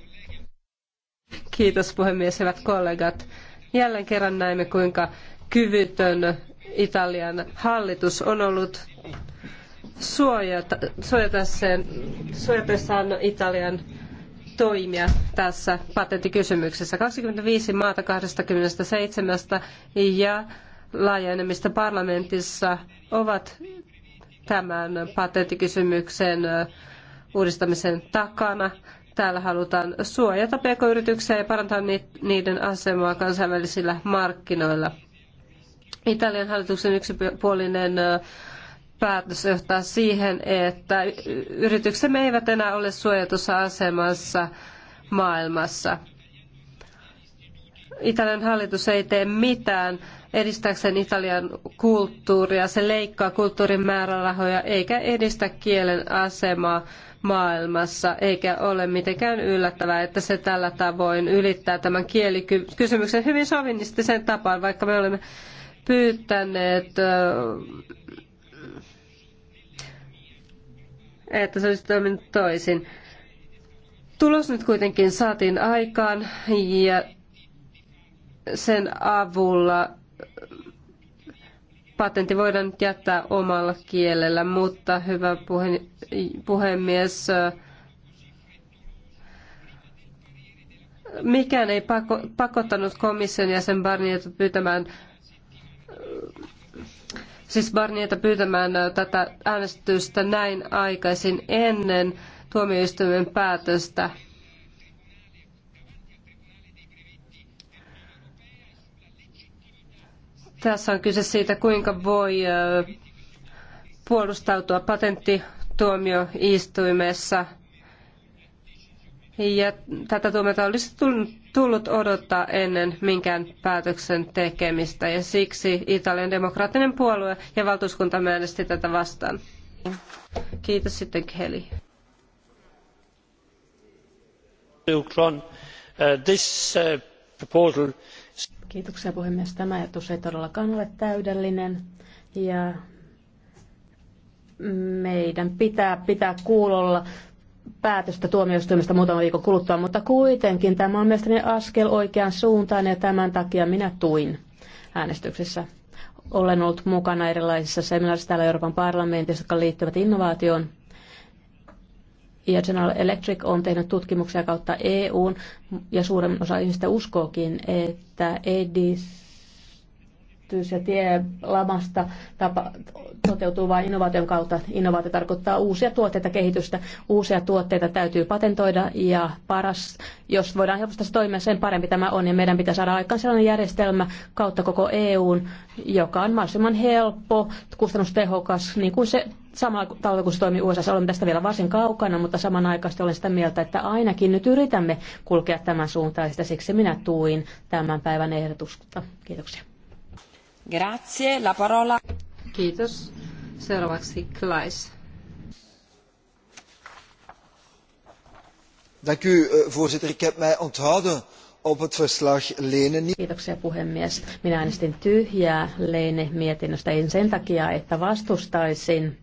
Kiitos puhemies, hyvät kollegat. Jälleen kerran näimme, kuinka kyvytön Italian hallitus on ollut suojata, suojatessaan Italian toimia tässä patenttikysymyksessä. 25 maata 27 ja laaja parlamentissa ovat tämän patenttikysymyksen uudistamisen takana. Täällä halutaan suojata pk-yrityksiä ja parantaa niiden asemaa kansainvälisillä markkinoilla. Italian hallituksen yksipuolinen päätös johtaa siihen, että yrityksemme eivät enää ole suojatussa asemassa maailmassa. Italian hallitus ei tee mitään edistääkseen Italian kulttuuria. Se leikkaa kulttuurin määrärahoja eikä edistä kielen asemaa maailmassa, eikä ole mitenkään yllättävää, että se tällä tavoin ylittää tämän kielikysymyksen hyvin sovinnistiseen tapaan, vaikka me olemme pyytäneet, että se olisi toiminut toisin. Tulos nyt kuitenkin saatiin aikaan ja sen avulla patentti voidaan nyt jättää omalla kielellä, mutta hyvä puhe, puhemies, mikään ei pako, pakottanut komission jäsen Barnieta pyytämään siis Barnieta pyytämään tätä äänestystä näin aikaisin ennen tuomioistuimen päätöstä. Tässä on kyse siitä, kuinka voi puolustautua patenttituomioistuimessa. Ja tätä tuomiota olisi tullut odottaa ennen minkään päätöksen tekemistä. Ja siksi Italian demokraattinen puolue ja valtuuskunta äänesti tätä vastaan. Kiitos sitten Kelly. Uh, this uh, proposal Kiitoksia puhemies. Tämä ajatus ei todellakaan ole täydellinen ja meidän pitää pitää kuulolla päätöstä tuomioistuimesta muutama viikon kuluttua, mutta kuitenkin tämä on mielestäni askel oikeaan suuntaan ja tämän takia minä tuin äänestyksessä. Olen ollut mukana erilaisissa seminaarissa täällä Euroopan parlamentissa, jotka liittyvät innovaatioon ja General Electric on tehnyt tutkimuksia kautta EUn ja suurin osa ihmistä uskookin, että EDIS kehittyy se tie lamasta tapa, toteutuu vain innovaation kautta. Innovaatio tarkoittaa uusia tuotteita, kehitystä. Uusia tuotteita täytyy patentoida ja paras, jos voidaan helposti toimia, sen parempi tämä on. Ja meidän pitää saada aikaan sellainen järjestelmä kautta koko EUn, joka on mahdollisimman helppo, kustannustehokas, niin kuin se samalla tavalla kuin se toimii USA. Olemme tästä vielä varsin kaukana, mutta samanaikaisesti olen sitä mieltä, että ainakin nyt yritämme kulkea tämän suuntaista. Siksi minä tuin tämän päivän ehdotusta. Kiitoksia. Grazie, la parola. Kiitos. Seuraavaksi Klais. Dank u, eh, voorzitter. Ik heb mij onthouden op het verslag Lenen. Kiitoksia puhemies. Minä äänestin tyhjää Leene mietinnöstä en sen takia, että vastustaisin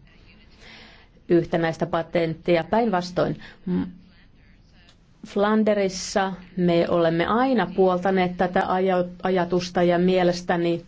yhtenäistä patenttia. Päinvastoin Flanderissa me olemme aina puoltaneet tätä ajatusta ja mielestäni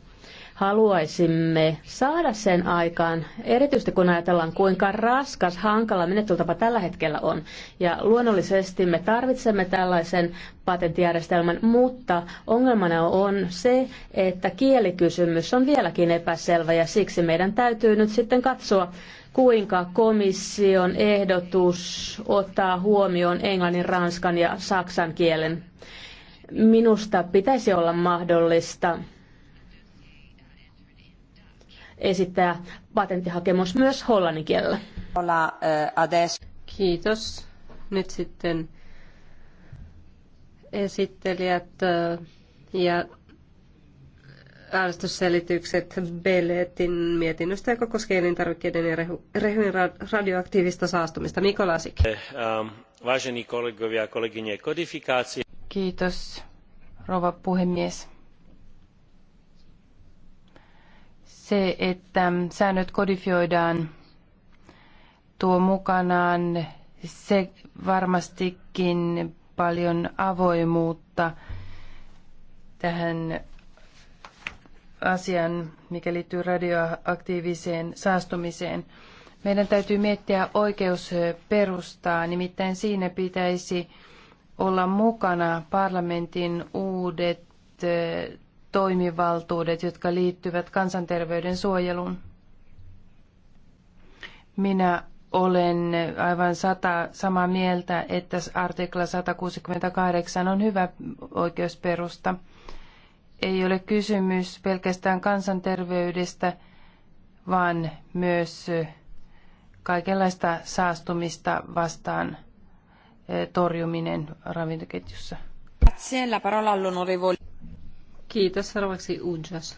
haluaisimme saada sen aikaan, erityisesti kun ajatellaan, kuinka raskas, hankala menettelytapa tällä hetkellä on. Ja luonnollisesti me tarvitsemme tällaisen patenttijärjestelmän, mutta ongelmana on se, että kielikysymys on vieläkin epäselvä ja siksi meidän täytyy nyt sitten katsoa, kuinka komission ehdotus ottaa huomioon englannin, ranskan ja saksan kielen. Minusta pitäisi olla mahdollista esittää patenttihakemus myös hollannin kielellä. Eh, Kiitos. Nyt sitten esittelijät eh, ja äänestysselitykset Belletin mietinnöstä, joka koskee elintarvikkeiden ja rehujen radioaktiivista saastumista. Mikolasik. Eh, ehm, vážení kollegovia kolegyne, kodifikaatio. Kiitos, rouva puhemies. Se, että säännöt kodifioidaan, tuo mukanaan se varmastikin paljon avoimuutta tähän asian, mikä liittyy radioaktiiviseen saastumiseen. Meidän täytyy miettiä oikeusperustaa, nimittäin siinä pitäisi olla mukana parlamentin uudet toimivaltuudet, jotka liittyvät kansanterveyden suojeluun. Minä olen aivan sata samaa mieltä, että artikla 168 on hyvä oikeusperusta. Ei ole kysymys pelkästään kansanterveydestä, vaan myös kaikenlaista saastumista vastaan eh, torjuminen ravintoketjussa. Siellä parola all'onorevole. Kiitos. Seuraavaksi Ujas.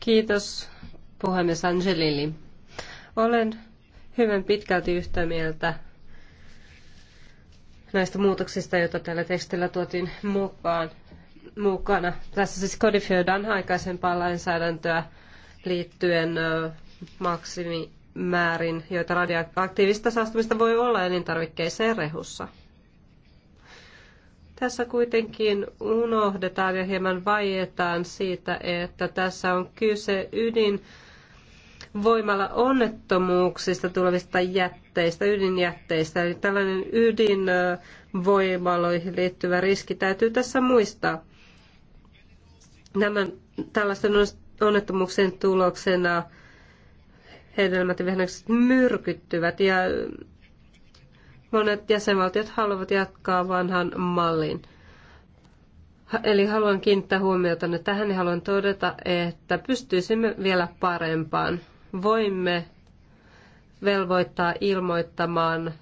Kiitos puhemies Angelili. Olen hyvin pitkälti yhtä mieltä näistä muutoksista, joita tällä tekstillä tuotiin mukaan. mukana. Tässä siis kodifioidaan aikaisempaa lainsäädäntöä liittyen maksimimäärin, joita radioaktiivista saastumista voi olla elintarvikkeissa ja rehussa. Tässä kuitenkin unohdetaan ja hieman vaietaan siitä, että tässä on kyse ydin voimalla onnettomuuksista tulevista jätteistä, ydinjätteistä. Eli tällainen ydinvoimaloihin liittyvä riski täytyy tässä muistaa. Nämä tällaisten onnettomuuksien tuloksena hedelmät ja vihannekset myrkyttyvät ja monet jäsenvaltiot haluavat jatkaa vanhan mallin. Eli haluan kiinnittää huomiota nyt tähän ja haluan todeta, että pystyisimme vielä parempaan. Voimme velvoittaa ilmoittamaan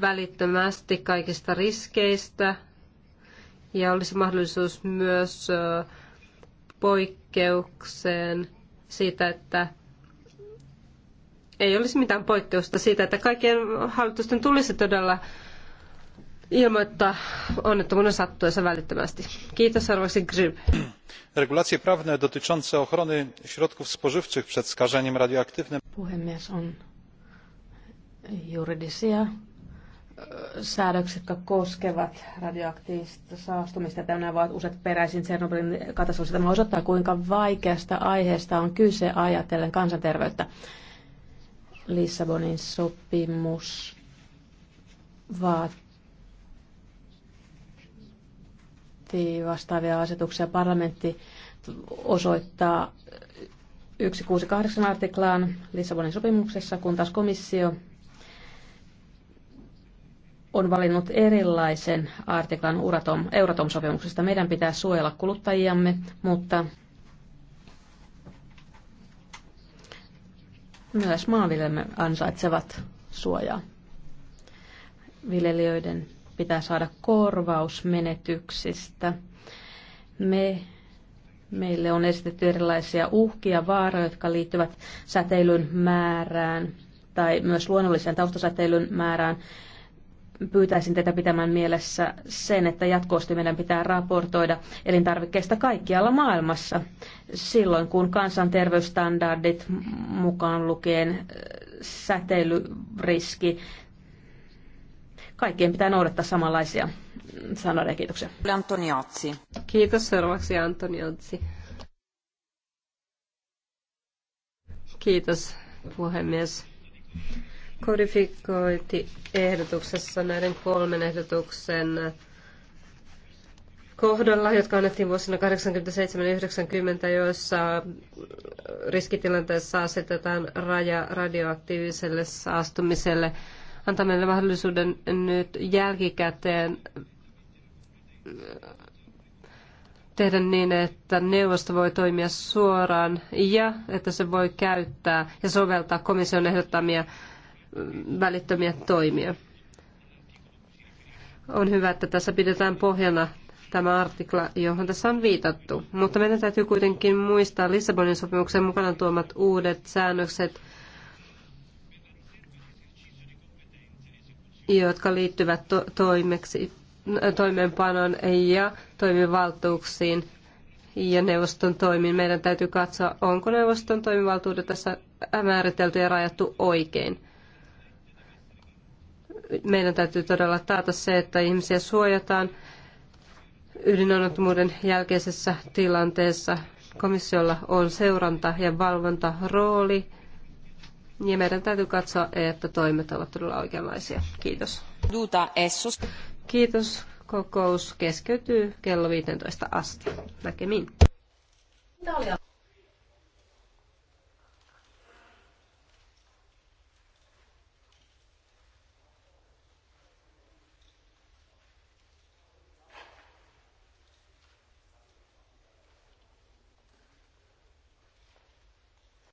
välittömästi kaikista riskeistä ja olisi mahdollisuus myös poikkeukseen siitä, että ei olisi mitään poikkeusta siitä, että kaikkien hallitusten tulisi todella ilmoittaa onnettomuuden sattuessa välittömästi. Kiitos arvoisi Grzyb. Regulacje prawne dotyczące ochrony środków spożywczych przed skażeniem radioaktywnym. Puhemies on juridisia e, säädökset, jotka koskevat radioaktiivista saastumista. Tämä ovat useat peräisin Tsernobylin katastrofista. Tämä osoittaa, kuinka vaikeasta aiheesta on kyse ajatellen kansanterveyttä. Lissabonin sopimus vaatii vastaavia asetuksia. Parlamentti osoittaa 168 artiklaan Lissabonin sopimuksessa, kun taas komissio on valinnut erilaisen artiklan Euratom-sopimuksesta. Meidän pitää suojella kuluttajiamme, mutta Myös maanviljelmä ansaitsevat suojaa. Viljelijöiden pitää saada korvaus menetyksistä. Me, meille on esitetty erilaisia uhkia, vaaroja, jotka liittyvät säteilyn määrään tai myös luonnolliseen taustasäteilyn määrään pyytäisin teitä pitämään mielessä sen, että jatkuvasti meidän pitää raportoida elintarvikkeista kaikkialla maailmassa silloin, kun kansanterveysstandardit mukaan lukien äh, säteilyriski, kaikkien pitää noudattaa samanlaisia sanoja. Kiitoksia. Kiitos seuraavaksi Antoniotsi. Kiitos puhemies ehdotuksessa näiden kolmen ehdotuksen kohdalla, jotka annettiin vuosina 87-90, joissa riskitilanteessa asetetaan raja radioaktiiviselle saastumiselle. Antaa meille mahdollisuuden nyt jälkikäteen tehdä niin, että neuvosto voi toimia suoraan ja että se voi käyttää ja soveltaa komission ehdottamia välittömiä toimia. On hyvä, että tässä pidetään pohjana tämä artikla, johon tässä on viitattu. Mutta meidän täytyy kuitenkin muistaa Lissabonin sopimuksen mukana tuomat uudet säännökset, jotka liittyvät to- toimeksi, toimeenpanon ja toimivaltuuksiin ja neuvoston toimiin. Meidän täytyy katsoa, onko neuvoston toimivaltuudet tässä määritelty ja rajattu oikein meidän täytyy todella taata se, että ihmisiä suojataan ydinonnettomuuden jälkeisessä tilanteessa. Komissiolla on seuranta- ja valvontarooli. Ja meidän täytyy katsoa, että toimet ovat todella oikeanlaisia. Kiitos. Kiitos. Kokous keskeytyy kello 15 asti. Näkemiin.